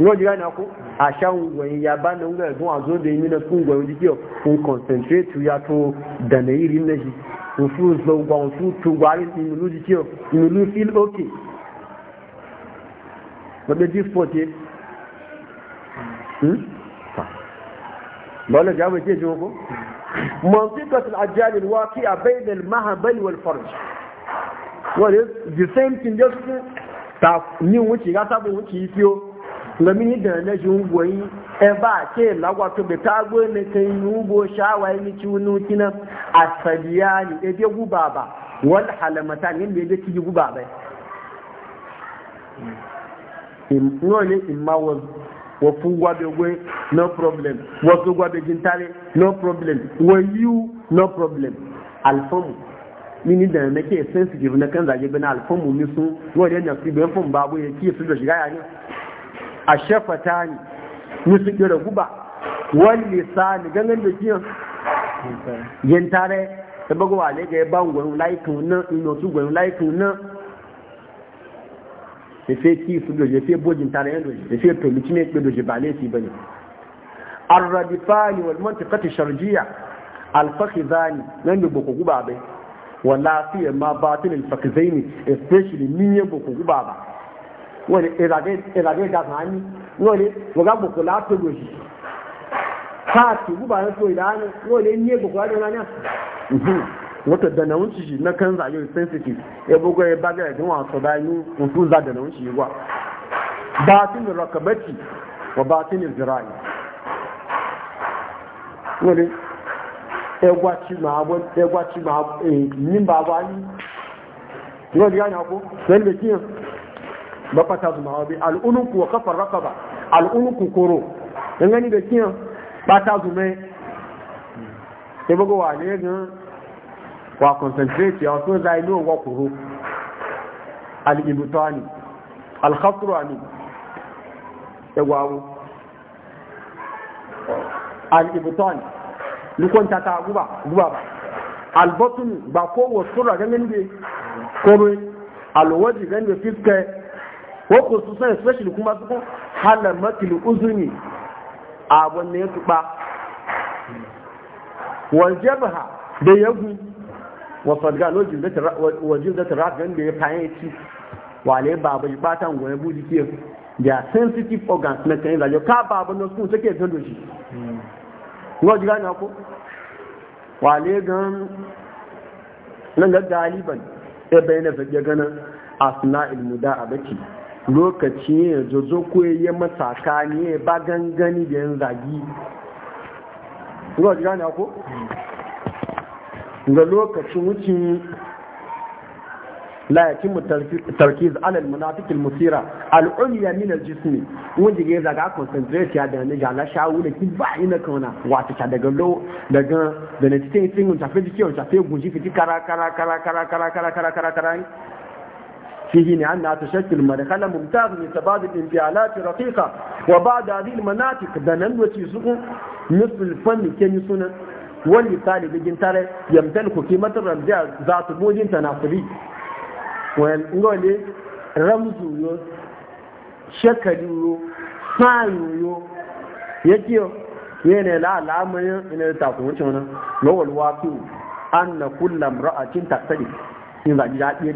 wọ́n jìrá náà kú àṣà òǹgbọ̀nyìn ya bá náà ń gbẹ̀rẹ̀ gún òun concentrate ya tó dànà ìrì méjì òfin ìzọ̀gbà òfin tó wárí ìmìlú jíjẹ́ ìmìlú feel okay lọ́gbẹ́ tí sport yẹ jáwé tí èjì wọ́pọ̀ mọ̀nsíkọ̀tì àjáde wá kí lami da na jin goyi e ba ke lagwa to be tago ne kai nugo shawa ni ci wunu kina asaliyani e be guba ba wal halamata ni, be be ci guba ba in no ne in ma wa wa fu gwa be gwe no problem wa so gwa be jintare no problem wa you no problem alfamu mini da nake sensitive na kan zage bana alfamu ni sun e wa da na fi ban fun babu e ya ki su da shiga ya ne a shafata ne musu kira guba wani ni ganin da kiyan yin tare ta bago wa lega ya gwanin laikin nan ino su gwanin laikin nan ya fe ki su doje fe bojin tare yan doje ya fe tomici ne ke doje ba laifi ba ne arradifani wal mantiqati sharjiya alfakhizani nan da boko guba bai wala fi ma batilil fakhizaini especially min ya boko guba ba wani ìràdé da ní wọ́n lè wọ́gá gbòkò látògbò yìí káàkì guba ń so ìdáhánú wọ́n lè ní gbòkò látògbò náà wata da shi na kan zayo sensitive ya e bugu ya e baga ya e dinwa su yi mutu za da shi gwa batinin rakabati wa batinin zira'i wani egwaci ma abu egwaci ma yin ba ba ni wani gani ako wani da kiyan mafata su mawabi al'unuku wa kafar rakaba al'unuku koro don gani da kiyan bata zuma mai ya bugu wa ne gan wa concentrate ya wasu zai liwan wa koro al'ibutani al-khafrani ya gwawo al-ibutani lukwanta ta guba guba ba al-batun ba kowa sura ganin da koro alwaji ganin da fiskar su khususan especially kuma su kan halamatul uzuni abun ne ya tuba wal jabha da yagu wa fadga lo jildata da jildata ragan da ya fayin ci wale baba yi batan goye buji ke their sensitive organs na kan da yo ka baba no sun take dondo shi ko jiga na wale gan nan ga galiban e bayyana fage ganin asna ilmuda abaki lokaci ya zozo ko ya ka ne ya ba gangani da yin zagi ruwa gani ako? ga lokacin wucin layakin mutarki mu alal munafiqil musira al minar jismi wanda ya zaga concentrate da ne ga la shawu da ki ba ina kauna wata ta daga lo daga da ne cikin sun ta fi kiyon ta fi Gunji, fiti kara kara kara kara kara kara kara kara kara فيه لأنها تشكل مدخلا ممتاز لتبادل الانفعالات الرقيقة وبعد هذه المناطق دنن وتيسوق مثل الفن كم يسونا والمثال بجن ترى يمتلك قيمة الرمزية ذات موج تناسبي ونقول رمز شكل سان يكيو yana la alamarin ina da takumanci wani lowar wasu an na kullum ra'acin tattali in zaɗi daɗi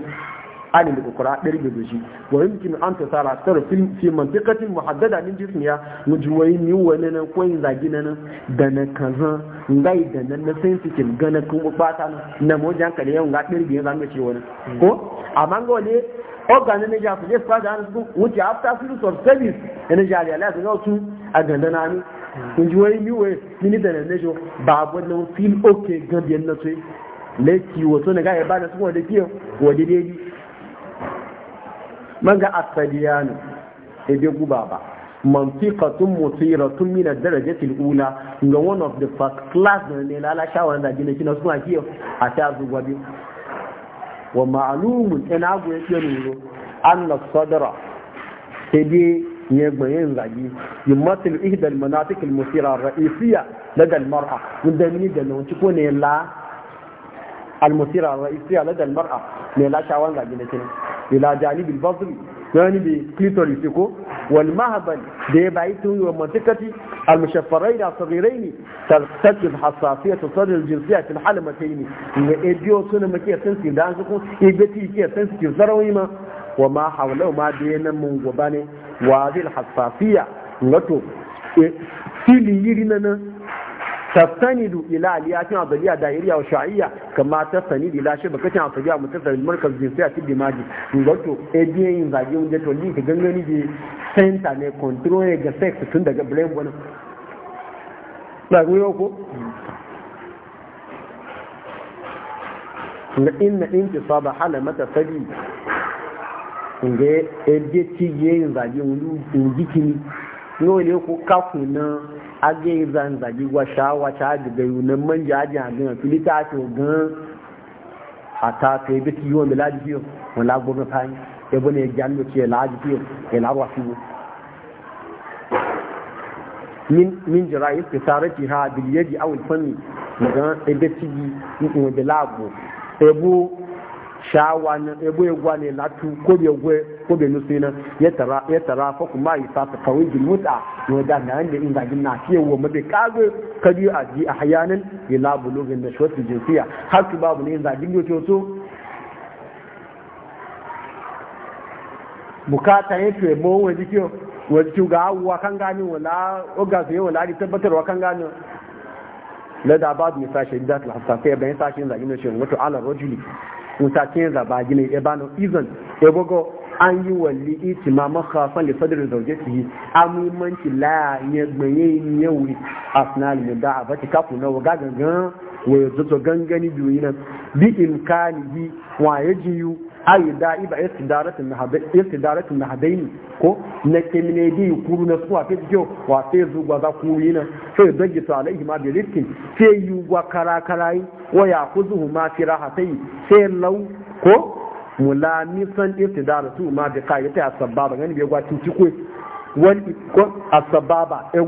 عن الأخرى درجوشي ويمكن أن تسارع سر في في منطقة محددة من جسمها مجوين يولنا كوين زاجنا دنا كذا ngai da nan na sensitive gana kuma bata na mojan kale yau ga dirbi ya zama ciwo ne ko amma ga wani a ne ja fuje fa da su wuce after service of service ne ja ya la ga su a ganda na ni kun ji wai a wai ni da nan ne jo ba wannan feel okay ga biyan na sai leki wato ne ga ya bada su wanda kiyo wanda maga asaliyanu sai dai guba ba manfiqatun musiratun min ad-darajati al ga one of the first class ne lala shawara da gina kina suna kiyo a ta zuwa bi wa ma'lumun ina go yake nuro an sadra sai dai ne gbayin zagi yumatil ihda al-manatiq al-musira ar-ra'isiyya al-mar'a wanda da ni da nan ko ne la almusira raisiya na dalmar'a mai lashawan zage na kini ila janibil bazri yani bi clitoris ko wal mahaban da ya bayi tun wa mantikati al mushaffarai da sagiraini tartatil hassasiyatu sadr al jinsiya fil halmataini ga ediyo suna muke sensitive da su ko ibeti ke sensitive sarawi ma wa ma hawla ma da yana mun goba ne wa zil hassasiya wato fili yiri na تستند الى اليات عضليه دائريه وشعيه كما تستند الى شبكه عصبيه متصله بالمركز الجنسي الدماغي wato adiyin zage wanda to ni ka gangani da center ne control ne ga sex tun daga brain wani na goyo ko na inna intisaba halamata sabi nge ediye ci yin zage wani jikini no ne ko kafu age zan zagi wa shawa ta daga yunan manja aji a na fili ta gan a ta e e fi bi ti yiwa miladi fiyo wọn lagbogin fayin ya bu ne gyan lo ce laji fiyo ya larwa fiyo min jira yi fi ki ha biliyar yi awul fami daga ebe tigi in wadda lagbo ebu shawa na ebo egwa ne latu ko be gwe ko be nusi na ya tara ya tara fa kuma yi fa fa wi muta no da na ne in ga na fiye wa mu be kago kadi a ji a hayanan ila bulugin da shwatu jinsiya har ki babu ne in ga jin yoto so bukata ya ce mo wa jikiyo wa jikiyo ga awwa kan gani wala oga su yi wala di tabbatarwa kan gani la da ba mu sashi da ta hafsa sai bayan sashi in ga jin yoto wato ala rajuli musa ce zaba gini ya e bano izon ya e bugo an yi walli iti ma makafan da fadar zauje su yi amumanci la ya gbanye yawi arsenal mu da a bata kafu na waga gangan wa ya zoto gangani biyu nan bi kani bi wa ya jiyu iba da'i ba istidaratun na hadaini ko na keminedi kuru na suwa fi jiyo wa sai zuwa za kuru yi nan sai zagi su alaihi ma bi rikin sai yi gwa karakarayi wa ya kuzuhu ma fi rahatai sai lau ko mulamisan istidaratu ma bi kayi ta asababa gani bai gwa cuci ko wani ko asababa ya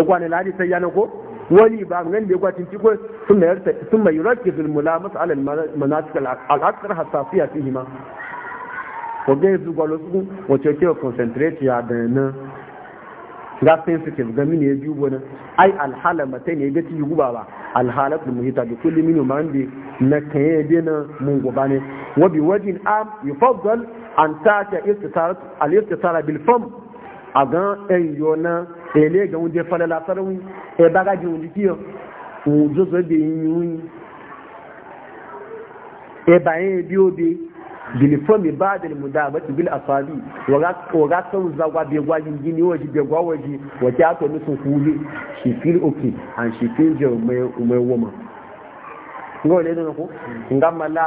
egwa ne ladi sai yana ko wani ba nan da ya kwatin ciko sun mai rakki zulmula masu alal manasik al'akar hasafiya fi hima wajen yanzu gwalo su wace kewa concentrate ya da nan ga sensitive ga mini ya biyu wani ai alhala mata ne ga cikin guba ba alhalat da hita da kullum minu ma bi na kan yi dina mun guba ne wabi wajin am yufaddal an ta ta al-istisara bil a ga ɗan yona ele ga wunde falala sarauni ẹ̀bá ba òun dídí ọ̀ òun jóso ẹ̀bẹ̀ yìnyín yìí ẹ̀bá yẹn bí ó bí bilifọ́mì bá dẹ̀ mú dáa bẹ́ẹ̀ tìbílẹ̀ àfáàbí wọ́gá sọ́run zagwa bí ẹgbà yìí yìí ni wọ́n jí bí ẹgbà wọ́n jí wọ́n ti àtọ̀ nísun kú lé and she feel jẹ́ ọmọ ẹwọ́ mọ̀ ngọ́ ilé nínú nga mala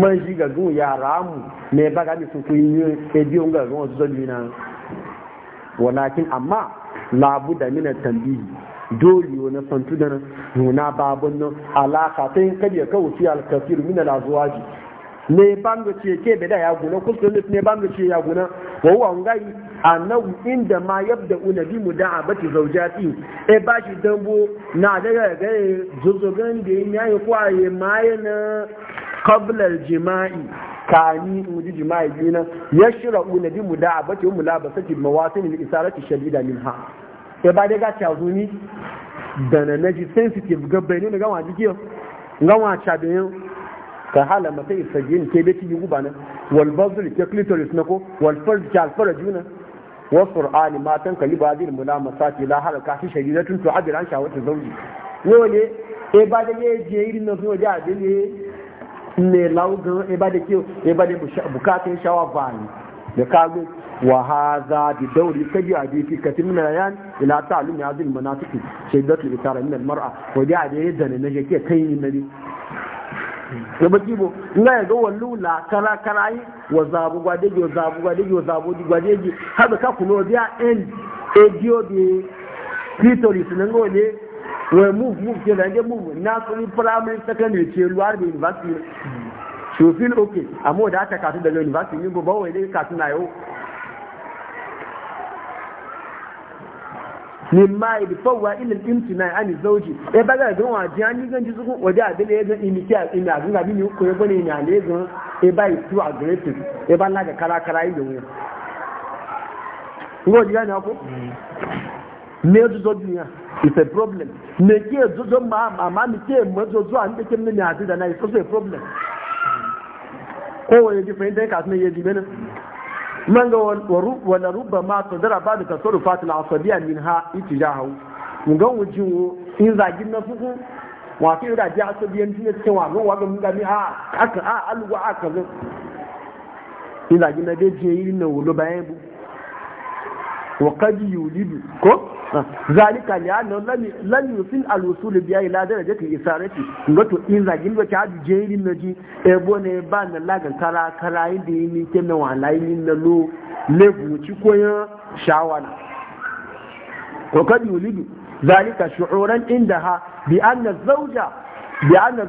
mọ́ yí gàgún yàrá mù ní ẹ̀bá gàmì tuntun yìí ẹbí òun gàgún ọ̀tútọ́ bí náà wọ́n náà kí amma làbúdà mí na tàbí dole yau na santu da nuna babun nan alaka ta yin kabiya kawo fi alkafiru mina da zuwa ji ne bango ce ke bada ya guna kusurin ne bango ce ya guna wawa ngai a nau inda ma yabda una bi mu da abati zaujati e ba shi dambo na daga ga zuzugan da yin yayi kwaye maye na qablal jima'i kani mu ji jima'i biyu na yashra'u na bi mu da abati mu labasati isa li isarati shadida minha ya ba dai gaci a zuni da na naji sensitive gabbai ne na gama jikiyo gama cabiyin ka hala mata isajiyin ke bai cikin guba nan wal bazul ke clitoris na ko wal farj ke alfara juna wa qur'ani matan kaliba mula mulamasati la halaka shi shari'atun tu'abir an shawatu zawji wole e ba da ye je irin na so da de ne ne laugan e ba da ke e ba da bukatun shawa ba ne da kago وهذا بدور سجع في كثير من الأيام إلى تعلم هذه المناطق شدة الإطارة من المرأة ودي عدي يدن النجاكية كين النبي yaba kibo ya ga wallu la kala kala yi wa zabu gwadeji wa zabu gwadeji wa zabu gwadeji da ka kuno dia en edio de clitoris nango ne wa move move ke da move na ni primary secondary ce luar da university shofin okay amma da ka ta da university yin ba wai dai ka tuna yau mimma yadfawa ila al-imtina an zawji e baga ga wa ji an gan ji su waje a dole ga imiti a ina a ga mini ko yabo ne ya le gan e ba yi tu aggressive e ba la ga kala kala yi yo ngo ji ga ko Me du do dunya it's a problem Me ki du e do ma ma ma mi ke mo do do an de ke ne ya da na it's a problem ko wa ye different ka ne ye di bena man ga wani rubba ma to dara ba da tasoro fatil asabiya min ha iti ya hau ga wujin wo in zagin na fuku wa fi da ji asabiyan tuna cikin wa ga waga mun yi na wa qad yulidu ko zalika li anna lam yusil al wusul bi ila darajati isarati ngato in zagin ba ta bi jerin naji e bone ba na ya kala kala inda yini kenan wala yini na lo lebu ci koyan shawala wa qad yulidu zalika shu'uran indaha bi anna zawja bi anna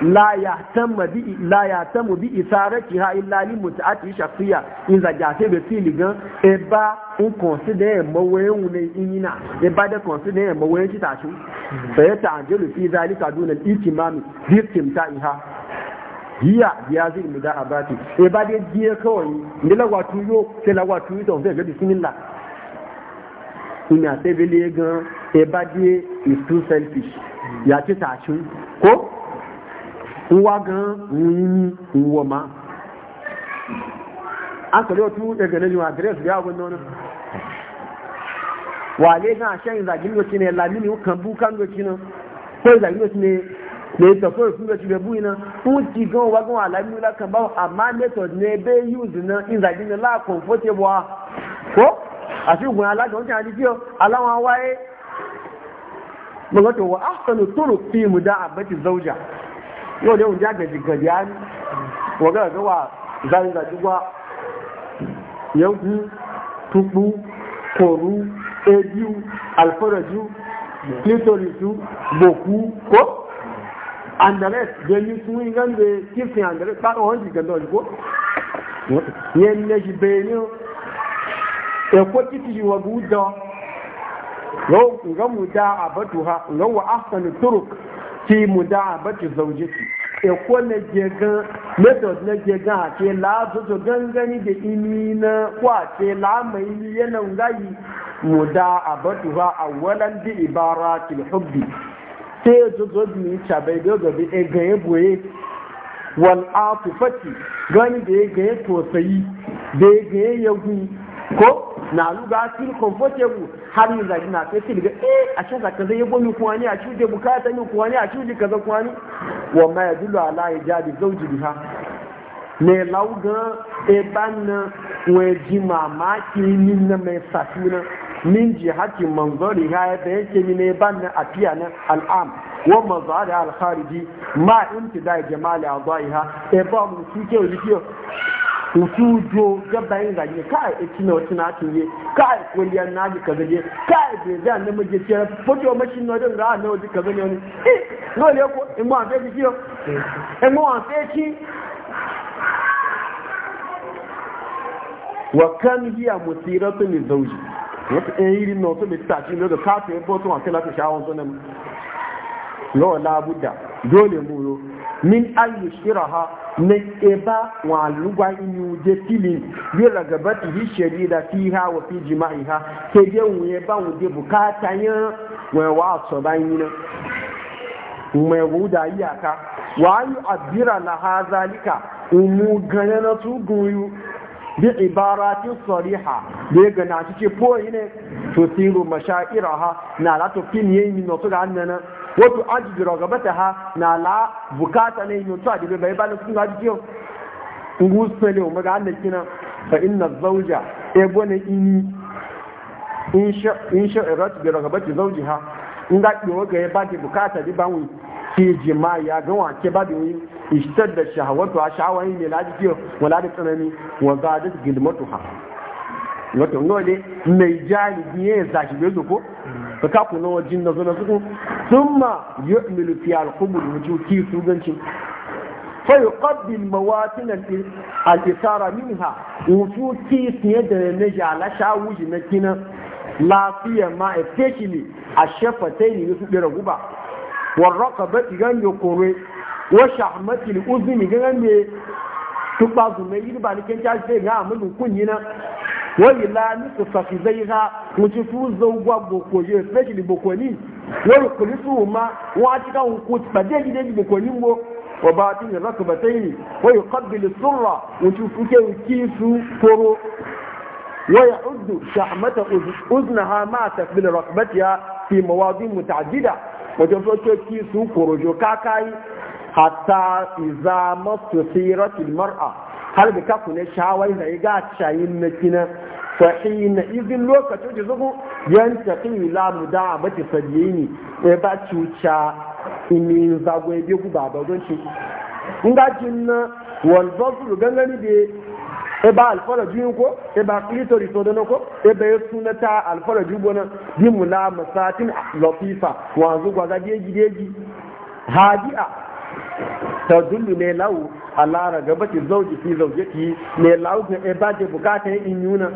la ya tamu bi isarati ha illa li mutaati shafiya in za ja se be fili gan e ba un consider mo we un ne inina e ba de consider mo we ti ta su fi ta anjulu fi zalika dun al ikimami bi timtaiha hiya ya zai mu da abati e ba de die yi ni la watu yo se la watu yo don se bismillah ina se be le gan e ba de is too selfish ya ti ta ko uwa gan yini uwa ma an kare otu daga na jiwa adres biya abin nono wale gan a shan ne lamini kan bukan doci nan ko zagin doci ne ne ta ko fun doci be buina un ci gan wa gan ala mi la kan ba amma method ne be use na in zagin ne la comfortable ko àti ìgbìmọ̀ alájọ́ ní àdíjọ́ aláwọn awáyé mọ́gọ́tọ̀ wọ áṣẹ́lù tó rò fíìmù dá àbẹ́tì zaujà yau ne wunja gaji gaji ya ni waga ga wa zan gaji wa yanku tukpu, koru ebiu alfaraju clitorisu boku ko andales da ni sun yi gan da kifin andales ba da wani gandun ko yen neji shi benin ekwa kiti yi wa gudan yau ga mu da abatu ha, wa ahsanu turuk fi mudabati zaujati e ko na je gan method na je a ce la zozo gangani da imi na ko a ce la mai ni yana ngai ba, a awalan bi ibaratil hubbi sai zo zo ni chabai ga bi e ga e boye wal atifati gani da ya gaye tosayi da ya gaye ya ko na luga feel comfortable har yin zagi na kai feel ga eh a cikin zaka zai yabo ni kuwa a cikin bukata ni kuwa a cikin kaza kuwa wa ma yadullu ala ijadi zawji biha ne lauga e ban we ji mamaki min na mai safina min jihati manzari ha da yake min e ban na afiya na al'am wa mazari al khariji ma jamali adaiha e ba mu kike wuti wujo gaba yin gaji kai e cina wata na ta yi kai kwaliyar na ji kai bai zai na maje ce na don ra'a na waje na gani le ko in mu an sai kiyo in mu an sai wata en no to bi ta ci no da ka ta e bo to an kala ta mu min an shiraha na eba wa lugwa inu je fili yi ragabata yi shari'a ha wa fi jima'iha je wu wuye ba wuje bukata wa wa so ba yi na ya wuda iyaka wa yi abira na ha zalika umu gane na tugun bi ibarati sariha da ga na cike poyi ne to siru mashairaha na la to pin yayi min to ga nan wato ajibi ragabata ha na la bukata ne min to adibe bai ba ne kun ga jiyo ngu sele o maga Allah kina fa inna zawja e gona ini insha insha irat bi ragabati zawjiha in e ki waga ya ba ki bukata di banwi ki jima'i ya ga wa ke ba da yi اشتد shahawatu a هي ملاد ladi kiyo wala وزادت قدمتها wa zadat gilmatuha wato ngole mai jani biye za shi bezo ko ka ka kuna wajin na zo na sun ma yi fi al wajen wujuti suganci fa yuqabbil mawatin min ha wajen wujuti ne da ne jala shawuji na kina lafiya ma especially a ta yi su ɗira guba warraka bai gan yi kore wa shahmatil uzuni gangan me tukpa zume yiri ba ni kenta se ga amunu kunyina wa ila ni to safizaiha mutu tu zo gwa boko je especially boko ni wa kulisu ma wa ti ka un ku pade gide ni boko ni mo wa batin rakbataini wa yuqabbil sirra mutu tu ke koro hatta iza masu siratul mar'a har da kaku ne shawai da ga shayin na kina fa hina izin lokacin da zugu yan taqi la muda ba ti sajini e ba cuca ini zagwe bi ku baba gonci nga jinna wal basru gangani be e ba alfara jin ko e ba clitoris to don ko e ba e sunata alfara jubona bi mula masatin latifa wa zugwa ga jeji jeji hadi'a tadullu ne lau a lara gaba ragabati zauji fi zaujati ne lau ga eba da bukatan in yuna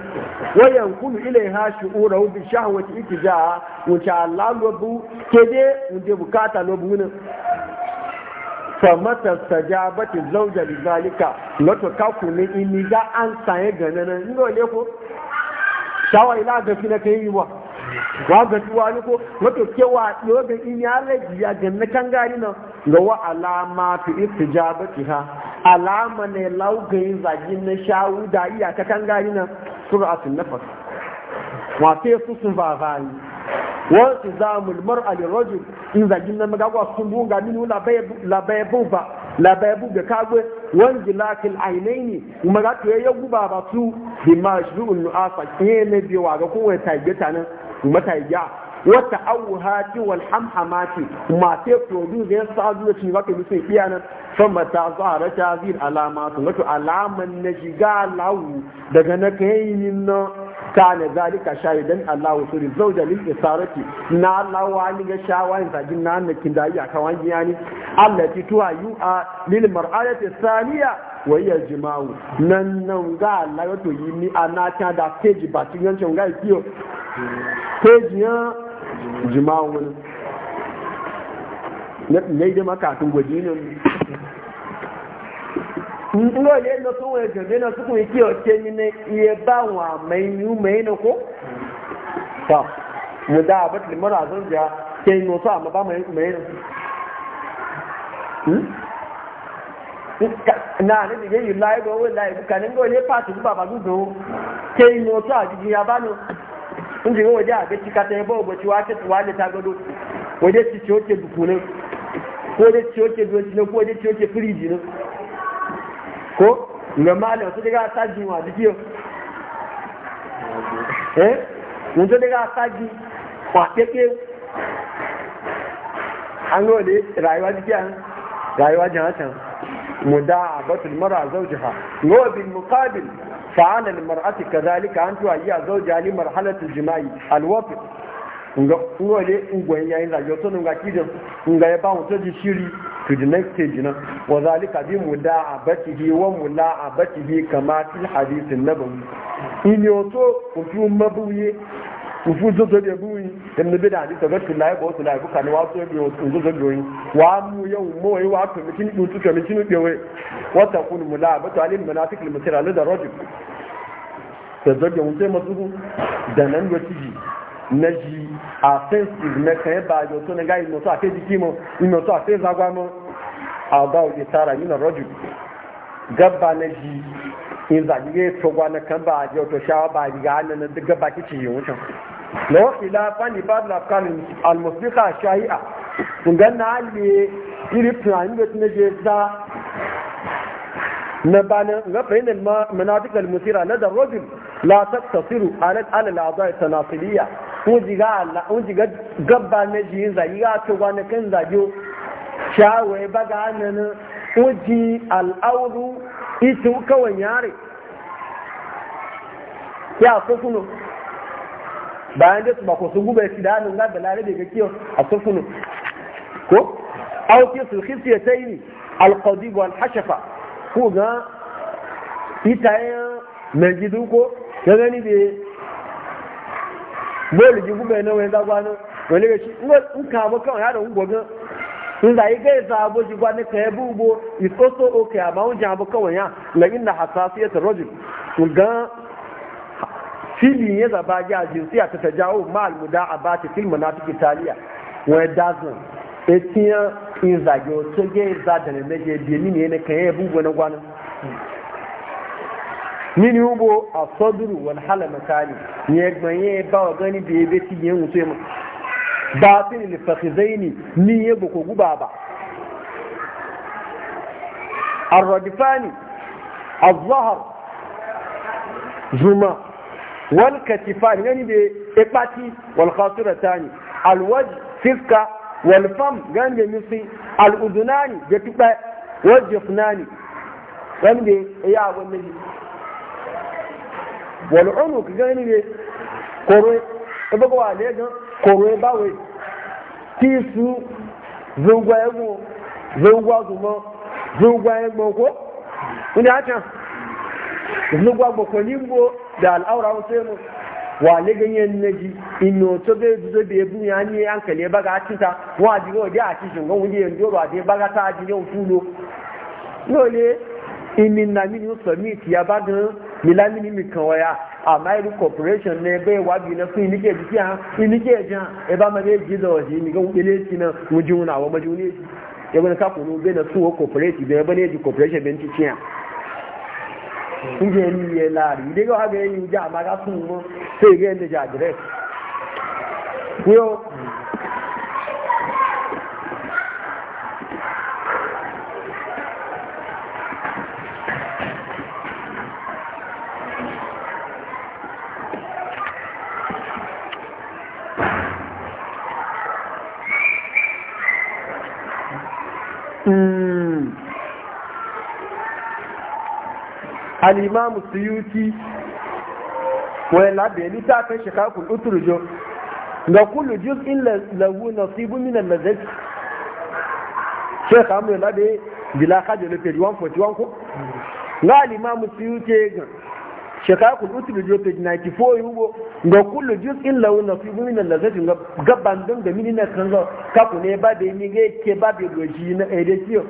wayan kulu ilaiha shu'ura bi shahwati itija wuce Allah lobu kede unde bukata bu ne mata sajabati zauja bi zalika ka ku ne ni ga an sanye ganana ndo le ko shawa ila ga fi na kai yiwa wa ga tuwa ni ko wato kewa ga in ya laji ya ganna kan gari ga wa alama fi istijabati ha alama ne laugayin zagi na shawu da iya ta kan gari na suratun nafas wato ya sun vavani wasu zamul mar'a lil rajul in zagi na magagwa sun bunga min labai buba labai ga kagwe wan jilakil ainaini kuma ga to ya guba ba su bi mashru'un nu'asa ke ne biwa ga kowace taigeta nan kuma taigiya wata auhati wal hamhamati ma sai produce ya sa zuwa ci baka bi sai iya nan san mata zara ta zir su wato alaman na shiga lawu daga na na nan ne zalika shahidan Allah suri zauja lil isarati na Allah ni ga shawayin sajin nan kin da wani kawan giyani allati tuwa a lil mar'alati thaniya ya jìmá o nananga aláyọ̀tò yìí ní anáàtí àdá péjì da yẹn ba ṣe yancin ga ìkí o péjì jima'u wani na ije makatun gwaji ne ndo ile no tun we gbe na tukun iki o se ni ne iye ba won ameyu meyin ko ta mu da abat li mara zan ja ke no so ama ba meyin meyin na hmm? ni dige yi lai go we lai kanin go ile pa ti baba gugun ke no so ajiji abanu sun je waje a ga cika sai bawa bace wace wani ta gado waje ci ci yake dukunan, ko da ci yake doci ne ko da ci yake firiji ne ko ga malam su daga saji wa dikiyo eh mun to daga saji kwa keke an gode rayuwa dikiya rayuwa can mu da batul mara zaujiha ngo bil muqabil فعلى المرأة كذلك أن تهيئ زوجها لمرحلة الجماع الوطن nga ngole ngwen yayin da yoto nga kidin nga ya ba mu to shiri to the next stage na wa zalika bi muda'abatihi wa kama fil hadith an-nabawi in yoto ku mabuye ufu zozo de buyi dem ne beda di tagat kullai bo tulai buka ni wasu bi wasu zozo doyi wa mu yau mo wai wa to mitin du tu to mitin wa ta kun mulabatu alil munafiq al musira la darajul ta zoge mun sai masu da nan wati ji na ji a sensitive na kai ba jo to ne ga ino to a te dikimo ino to a te zagwamo a ba o tara ni na rajul gabba na ji in zagi ya togwa na kan ba a jiya to shawa ba a riga hannun duk gabba kici yi wucin na wasu lafani babu lafkan almusbika shahi'a ngan na hali iri tunani da tuna je za na bana ga bayin manatik almusira na da rajul la ala ala al'adai tanasiliya ko jiga Allah ko jiga gabba na jiyin zagi ga al'auru kawai ya bayan da su ba ko su gube shi da hannun ga da larabe ga kiyo a sufunu ko auki su khisiya ta yi alqadib wal hashafa ko ga itayen najidu ko ga gani be bolu ji gube na wani zagwano wani ga shi in ka ba kawai ya da gogin in da yi gaisa abu shi gwani ka yi bubo it's also okay amma wajen abu kawai ya lagin da hasasiyar rojin ga fili ya zaba ya jinsiya ta jawo ma muda a ba ta filmu na tuki taliya wani dazin etiyan in zage wato ya yi na nage biya mini kan bugu na gwanin mini ugbo a soduru wani hala makani ya e gbanye ba wa gani da ya e beti yin wuce mu ba fi ne zai ni ya bako guba ba الردفاني azahar zuma. wal katifan gani be ipati wal khasiratani al wajh fiska wal fam gani be misi al udunani be tuba wal jufnani gani be ya wannan wal unuk gani be koro e bago e koro e ko nugwa gbakwonimbo da al'aura wasu mu wa le ganyen naji ino to be zo bu ya nye an kale ba ga tinta wa ji de da ci shin gon wuje ndo ba de ba ta ji yau imi na mi ni mi ti ya ba mi la mi ni amma iru corporation ne be wa bi na fun ni ke ji ha ni ke jan e eji ji ni gon bele ti na mu na wa ma eji ni e ba na su corporation ha oúnjẹ ẹni yẹ láàrin ìdíkọ àgbẹ ẹni ìjà àmàgà fún un mọ sí ìgbẹ ẹni ìjà àdírẹsì yóò Mm. alimamu suyuti wani labe ni ta kan shikakul uturjo ga kullu juz'in lahu nasibun min al-lazzat shekha mu labe bila khajo le page 141 ko ga alimamu suyuti ga shikakul uturjo page 94 yugo ga kullu juz'in lahu nasibun min al-lazzat Nga gaban don da minina kan ga kaku ne ba da yi ni ga ke ba da goji na edetiyo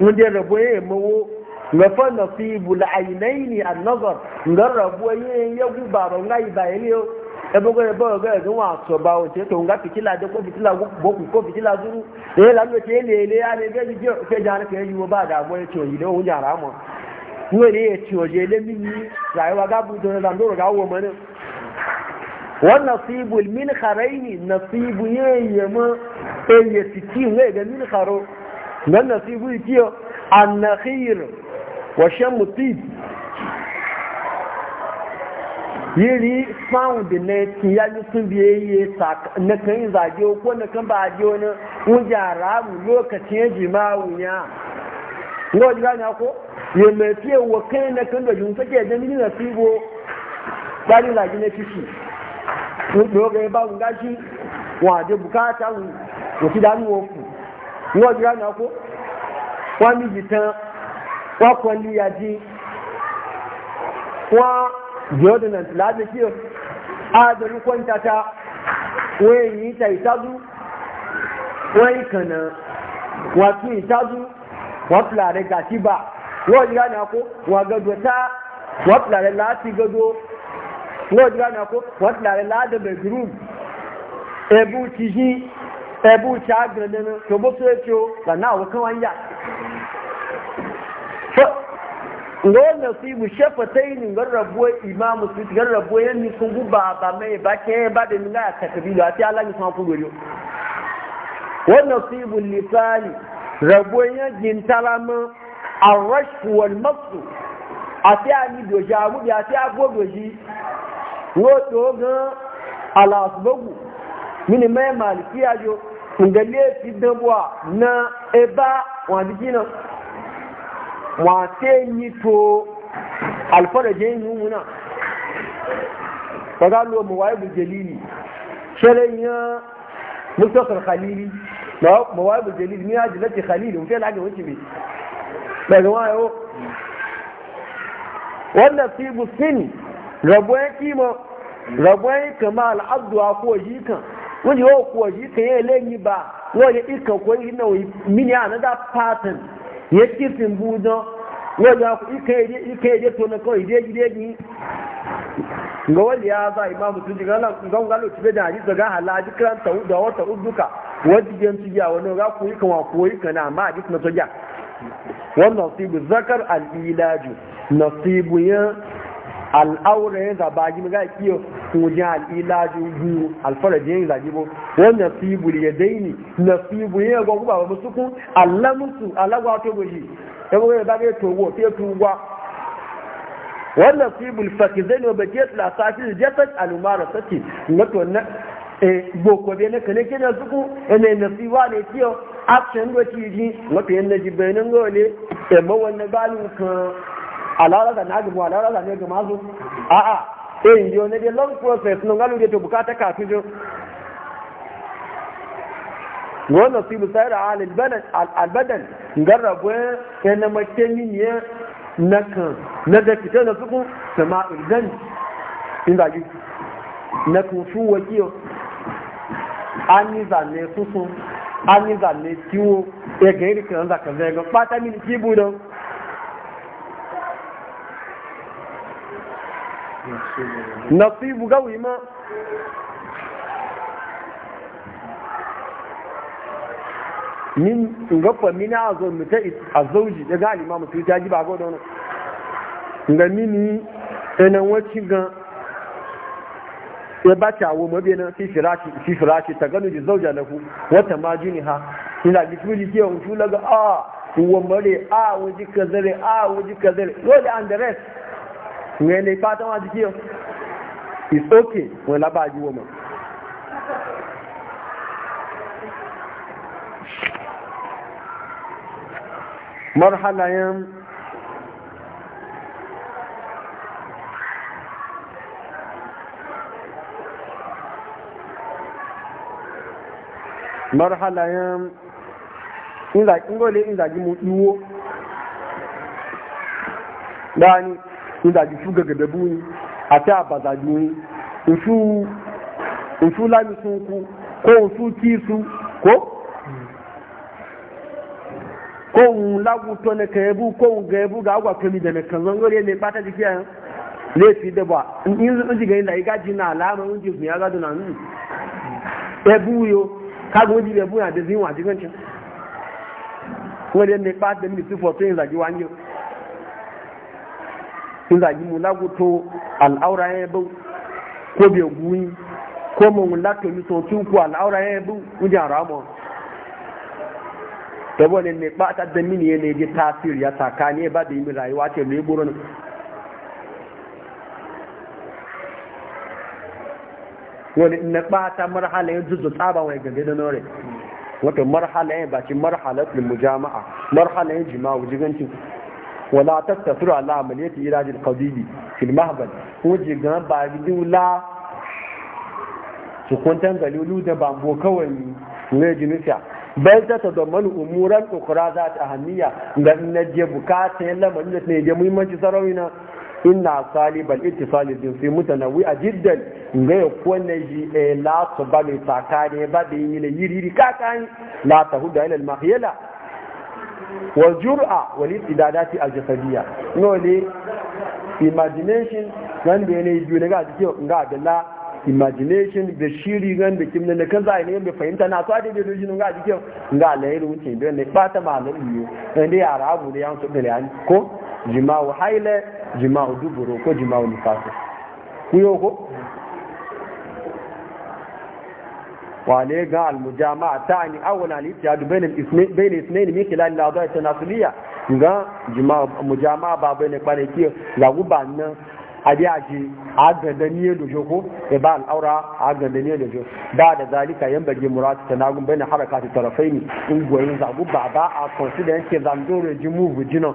mun dai rabo yayin mawo nafa nasibu la'ainaini an-nazar ngar rabuwa yin yagu baba ngai bayan yo ebe gore bo gore gan wa so ba o te to nga fitila de ko fitila bo ko fitila zuru e la no te le le ya ne ge ji ke jan ke yi wo ba da bo to e yi de o nya ra mo wo le e ti o je le mi ni rai e wa ga bu do na ndo ga wo mo ne wa nasibu min kharaini nasibu ye ye ma e ye ti ti ne ga min kharo nan nasibu ti o an-nakhir washemuti yiri sound ne ti yaju sun bi eye na yi zage ko na kan ba je wani wuje haramu lokacin ya jima'u ya ngo ji gani ko ye me fiye wa kai na kan da jun sake da mini na fibo bari zage ne kishi ko do ga ba nga shi wa de bukata ko ti danu wo ku ngo ji gani ko wa mi wọ́n kọ́ lé yàjí wọ́n deodorant láti kí o adọ̀lú kọ́ńtàtà wọ́n èyí ta wọ́n ìkànnà wọ́n tún wọ́n fìlàrẹ̀ gàtíbà wọ́n yíra ní wọ́n gẹ́gẹ́ tá wọ́n fìlàrẹ̀ láti gẹ́gẹ́ wọ́n yíra ní akó wọ́n fìlàrẹ̀ láti bedroom ẹ̀bù ti ẹ̀bù ti àgbẹ̀dẹ̀nu tòbótó ètò lànà àwọn kan wá ń yà ngawar nasibu shafatai yi ngar rabuwa imamu su ngar rabuwa yanni sun guba ba mai ba ke ba da nuna a takabilu a fi ala ni sun fugo yau wani nasibu lisani rabuwa yankin talama a rashuwar masu a fi a ni doji a gudu a fi a go doji roto gan alasubagu mini mai malikiya yo ngalle fi dabuwa na eba wani kinan wate yi to alfaraje yi muna ba mu lo mawaibu jalili shirin ya mustaqar khalili mawaibu jalili ni haji lati khalili mutai lagin wuce mai daga wayo wanda fi yi busini rabuwan kima rabuwan kama al'adu a kuwa jikan wani yau ko jikan ya lenyi ba wani ikan kuwa yi na mini a na da fatan ya kifin bujo wanda ku ika yaje to na ide gide gi ga wani ya za imamu sun jiga nan da hadisi ga halaji kiran ta da wata uduka wanda gen su a wani ga ku ika wa ku ika na amma hadisi na to ya wannan nasibu zakar al ilaju nasibu ya al'aure ya zaba ji ga iya kujin al'ilajin biyu alfarajin yin zaji bo wanda fibu ya daini na fibu ya gwa guba ba musu kun alamusu alagwa to goji ya gwa ya zage togo fiye tugwa nasibu fibu fakizai e, e, ne ba ke tsila safi da jefet al'umara sati wato na boko bai na kane kina suku yana na fiwa ne kiyo action go ci ji wato yana jibainin gole ya mawanna galin kan alara da mu alara da ne ga mazu a a e eh, yo ne de long process no ngalu de bukata ka tujo wannan su musayar al'albadan garrabin ya eh, na makeniniya na kan na da fitar da suku sama in inda yi na kufu wakiyo an yi zane susun an yi zane kiwo ya eh, ga kan rikin zaka zai ga kwata mini kibu don nasibu ga ma nga gafa min a zo mu ta da gali ma mutu ta ji ba ga wannan nga mini ina wacin ga ya e ba ta wo mabe nan fi firashi fi firashi ta gano ji zauja lahu wata majini ha ina ji tuli ke on tulaga a ah, wo mare a ah, wo ji kazare a ah, wo ji kazare dole and ìyẹn lè ká tán wá di kí ọ it's okay wọn lábàá ju wọn mọ. yẹn يم yẹn ń إذا إنقل إذا جمو nígbàdí fún gẹ̀gẹ̀dẹ̀ bú nsu àti àbàdàdì yín òṣù lámìsùn kú kó òṣù tíìsù kó kó òun láwùtọ́ ko kẹ̀ẹ́bù kó òun gẹ̀ẹ́bù gàwà kẹ́mi dẹ̀nẹ̀ kan lọ́n lórí ẹni pátá ti kí fi dẹ̀bọ̀ ń jìgẹ̀ ilẹ̀ igájì náà láàmú ń jìgùn yàrá dùn na nù ẹbú yo ebu ó jìgẹ̀ mi sun zagi mu lagoto al'aura ya yabu ko bai guyi ko mu lato mi so tun ku al'aura ya yabu wujan ramo da wani ne ba ta da mini ne ji tasir ya tsakani ba da yi mi rayuwa ce mai burin wani na ba ta marhala yanzu zuzu tsaba wani gabe da nore wato marhala ya ba ci marhala mujama'a marhala ya jima'u jigancin wala tattasiru ala amaliyati irajil qadibi fil mahbal waje gan ba bidin la su kuntan galilu da bambo kawai ne jinusa bai ta ta domin umuran ukura za ta hanniya ga na je bukata ya lamarin da ne je muhimmanci sarauni na inna salibal ittisali din sai mutanawi a jiddan ga ya kone ji e la su ba mai tsakani ba da yi ne yiri kaka la ta huda ila al-mahiyala wal jur'a wal istidadati al jasadiyya no le imagination nan da ne biyu ga jike ga dalla imagination da shiri gan da kimna kan zai ne be fahimta na to da da jinin ga jike ga lairu wuce da ne ba ta malu biyu dan da yara abu da yan su da yani ko jima'u haila jima'u duburu ko jima'u nifas ku yo ko wale ga almujama ta ni awon alifiyadu bai ne sinai ne mikila ni abuwa ita nasuliya ga mujama ba bai ne kwanaki ba na adi aji aganda ni yelo joko e ba al'aura aganda ni yelo joko ba da zalika yan bage muratu ta nagun haraka ta tarafai ni in goyi zagu ba ba a consider yanke zandoro ji muvu jinan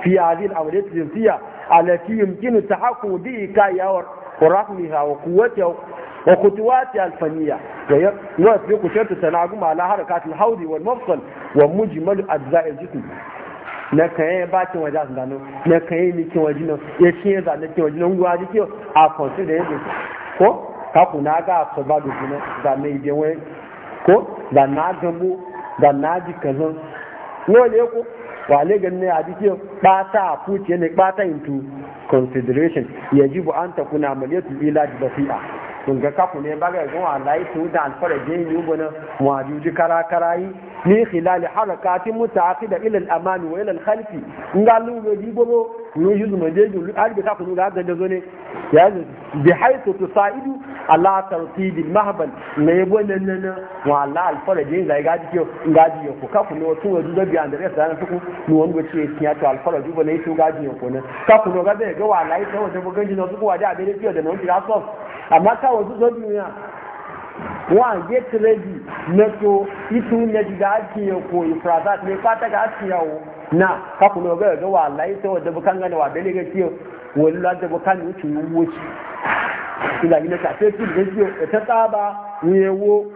fi hadhihi al-awliyat alafi jinsiyya allati yumkinu tahakkum bi ikayawar ورحمها وقوتها وخطوات الفنية alfaniya شرط التناغم على حركات الحوض والمفصل ومجمل أجزاء الجسم wal mafsal wa na kaye ba kin waje sun dano na kaye ni kin waje nan ya shi ya zane kin waje nan ruwa jike a kwanci consider yake ko ka ku na ga so ba du kuma da me ide wai ko da na gambo da na ji kazan no le ko wale ganne a jike ba ta fuce ne ba ta into consideration ya ji yajibu an takuna amaliyatul da basi'a nga kaku ne baga ga wa lai tu da alfara je ni ubuna wa juji kara karai ni khilal harakati mutaaqida ila al-amani wa ila al-khalfi nga lu go ji go no yuzu ma je ju al ga kaku ga ga zo ne ya bi haythu tusaidu ala tartib al-mahbal ne yabo nan nan wa la alfara je ga ga ji ga ji ko kaku no tu wa da biyan da rasa na tuku ni won go ce ya to alfara ju ba ne su ga ji ko ne kaku no ga ga wa lai to da bugan ji no su ko wa da abin da da no ji ra so amma kawo su zo duniya wa get ready na to itu na diga ake ko ifrazat ga ake na kaku no ga wa wallahi wadda bukan gane wa dele ga kiyo wallahi da wuce wuce ila gina da ta tsaba yewo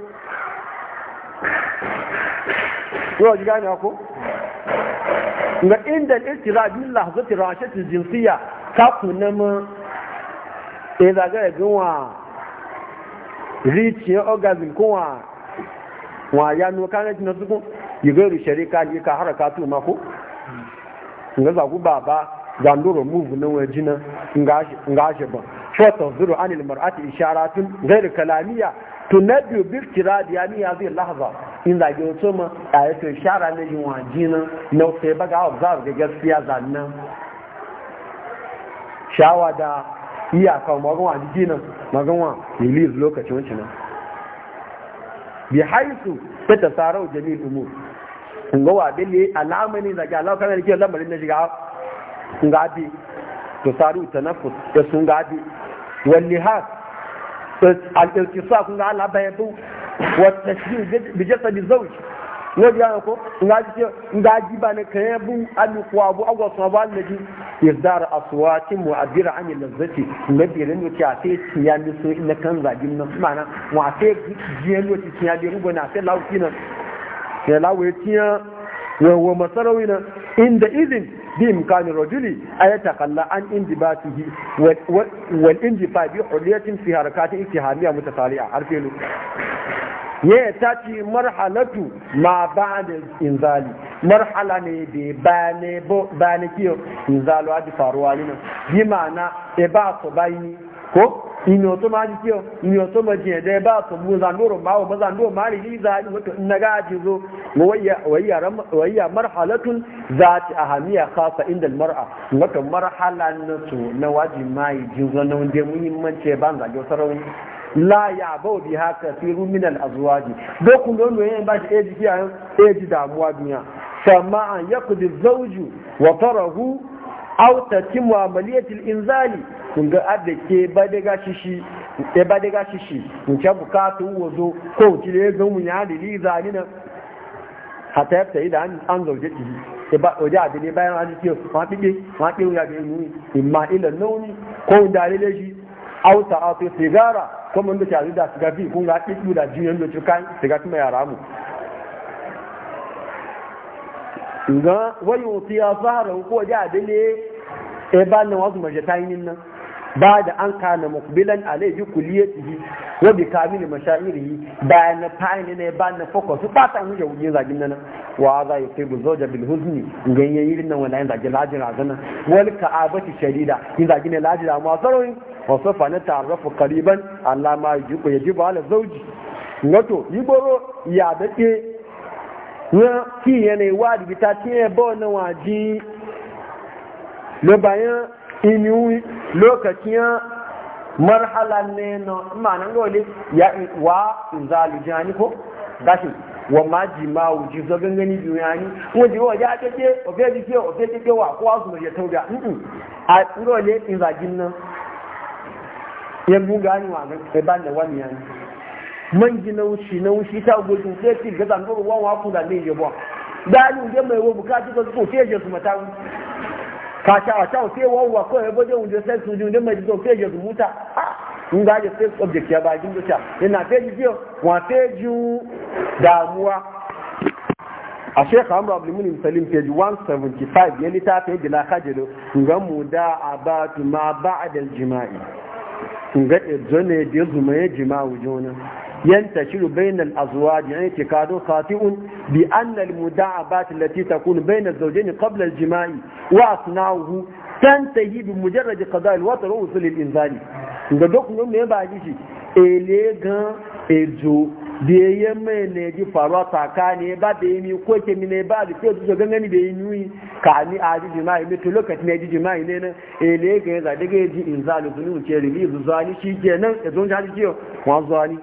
ji inda e zaga ẹ̀gbẹ́ wọn rí tí ọgazin kún wọn wọn ya nu kánẹ́ tí na sukun yìí rìṣẹ̀rí ká yìí ká haraka tó ma kó nga zagu bàbá zandoro múùbù náà wọn jìnnà nga ṣe bọ̀ fọ́tọ̀ zuru anil ishara tun ghairu kalamiya tunabbi bi iftiradi yani hadhihi lahza in da ga wato ma ayatu ishara ne yin wajina na sai baga observe ga gaskiya zanna iyaka maganwa jiki nan maganwa release lokacin wancan nan bi haisu ta tasarau jami'in umur ga wa bille alamani da ga Allah da kiyar lamarin na shiga ngabi to saru tanaffus da sun gabi wal nihas al iltisaq ga Allah wata shi bijasa bi jasad wọ́n di àwọn kó nga jíjẹ nga jíba ni kàn yẹn bú alùpùpù àbú agọ̀sùn àbú alẹ́jì ìdára àsùwà tí mo àbíra ànyìn lọ́zẹ́tì nga bìrì ní o ti àti ya ni so ní kan zàdí ní mọ̀nà wọn àti jíjẹ ní o ti tìyà ní rúbọ̀ ní àti láwùjọ náà ní láwùjọ ya. wa masarawina inda izin bi imkani rajuli ayatakalla an indibatihi wal indifa bi huliyatin fi harakatin ittihamiya mutasali'a harfelu ya ta ce marhalatu ma ba da inzali marhala ne bai ba ne kiyo inzalo a faruwa ne bi ma'ana e ba su bayani ko imi to ma ji kiyo imi to ma ji da ba to mu za nuru ma ba za nuru ma ri za ni wato in naga ji zo mu wayya wayya wayya marhalatun zat ahamiya khasa inda al mar'a wato marhala na to na waji mai ji zo na wanda muhimmanci ba za jo sarau la ya bau bi haka siru min al azwaji ku don ne ba ji eji kiyaye eji damuwa duniya sama an yakudi zawju wa tarahu aw tatimu amaliyatil inzali kun ga adda ke ba daga shishi ke ba daga shishi mun ce bukatun wazo ko ki le ga mun ya dili zani nan hatta ya tayi da an zauje ki ke ba oje a dili bayan an ce ma bibe ma bibe ya ga mu imma ila nauni ko da lele shi aw ta'ati sigara kuma mun da ta da sigafi kun ga kidu da jiyan da cikan sigafi mai haramu ga wayo tiya fara ko ja dale e ba nan wasu majatainin nan ba da an kana mukbilan alayhi kulliyatihi wa bi kamil mashairihi ba na fa'in ne ba na focus ba ta mu jawu zagin nan wa za yusibu zawja bil huzni ganyen yirin nan wannan zagin lajin razana wal ka'abati shadida in zagin lajin amma saroin wa safa na ta'arrafu qariban allama yujibu yajibu ala zawji wato yi boro ya dake yẹn ki ìyẹn lè wá àdìbìtà tí ẹ bọ́ náà lokacin marahala ne na ma'anan gole ya wa zalujani ko gashi wa ma ji ma ya kake wa kowa su mai tauga a gole in zagin nan ya buga ni wa na ji na naushi ta gojin sai ci ga zangar ruwan waku da ne je ba dalin je mai wo bukatu ka so sai je su mata ka ta a tawo sai wawa ko ya boje unje sai su ji mai so sai je su muta in ga je sai object ya ba jin duka ina sai ji je wa sai ju damuwa a sheikh amru abdulmunim salim page 175 ya littafin gila hajjiru ga mu da abatu ma ba'adal jima'i ga irjo e, ne da zuma ya jima'u jonan ينتشر بين الأزواج يعني اعتقاد خاطئ بأن المداعبات التي تكون بين الزوجين قبل الجماع وأصنعه تنتهي بمجرد قضاء الوطن ووصول الإنسان ga dokun yau ne ba ji shi ele gan ejo da ya yi mai ne ji faruwa taka ne ba da yi ni ko ke mi ne ba da ke zuwa gangani da yi ni ka ni a ji jima'i ne to lokacin ya ji jima'i ne na ele gan ya zaɗe ga ya ji in zalu su zuwa ni shi nan ya zo ji hajji ke zuwa ni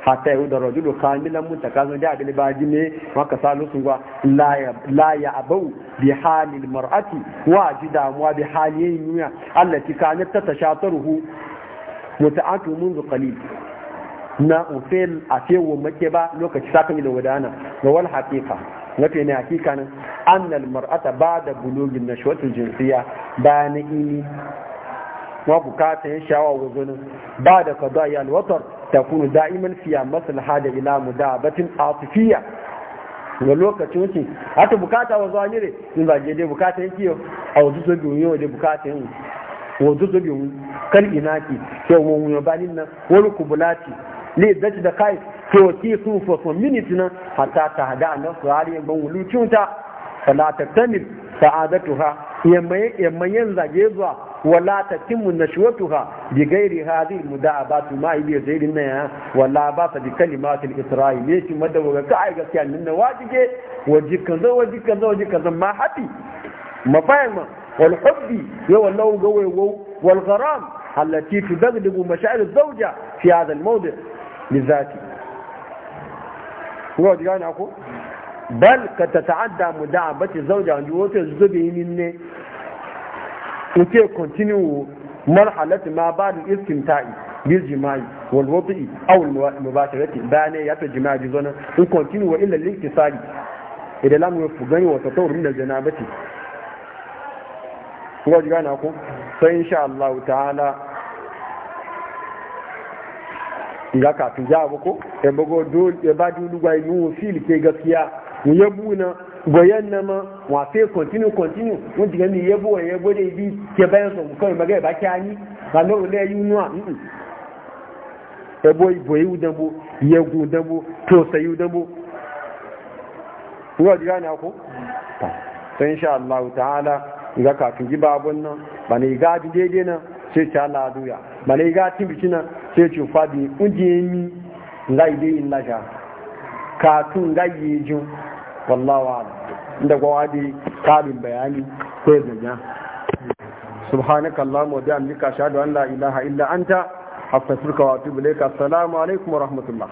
hata yau da rajulu kamilan mun takazun da abin ba ji ne maka salu su ba la ya abau bi halil mar'ati wa ji damuwa bi haliyin yuya allati kanat ta tashataruhu muta'atu munzu qalil na ufil a cewa make ba lokaci sakami da wadana ga wal haqiqa wato ne haqiqa nan annal mar'ata ba da bulugin na shawatul jinsiya ba na ini wa bukata shawa wazonin ba da qada ya alwatar تكون دائما في مثل da الى مدابه عاطفيه wa lokacin wuce hata bukata wa zuwa nire in je dai bukata yake yau a wajen zobe biyu yau dai bukata yin wajen zobe biyu kan inaki ke wani wani banin nan wani kubulati ne zaci da kai ke wasi su for some minutes nan ta hada a nan su har yin ban wulucin ta falatattanil sa'adatuha yammayen zage zuwa ولا تتم نشوتها بغير هذه المداعبات ما هي غير انها ولا باس بكلمات الاسراء ليش مدى وكاي غسيا من واجبه وجي كذا وجي كذا وجي كذا ما حتي ما فاهم والحب يولو غوي والغرام التي تدغدغ مشاعر الزوجه في هذا الموضع لذاتي هو جاني اكو بل قد تتعدى مداعبه الزوجه عند وتزبي مني nke continue marhalati ma ba da istimta'i bil jima'i wal wadi'i aw al mubasharati bayan ya ta jima'i bi zona in continue wa illa al-iktisali idan lamu fugani wa tatawur min al-janabati ko ji gana ko sai insha Allah ta'ala ga kafin ja ko ya bago dole ya ba dulu gwai yi mu fil ke gaskiya mu yabuna goyen na ma wa fe continue continue won ti gani yebo wa yebo de bi ke bayan so ko ma ga ba ki ani ba no le yu nwa ebo ibo yu dambo yegun dambo to se yu dambo wo di gani ako to insha Allah ta'ala ga ka tun gibabun nan ba ne ga bi daidai na sai ta duya ba ga tin bikina sai ci fadi unje mi ngai dai in laja ka tun wallahu a'lam inda gwawadi karin bayani ko zanya subhanaka allahumma wa bihamdika ashhadu an la ilaha illa anta astaghfiruka wa atubu ilayka assalamu alaikum wa rahmatullah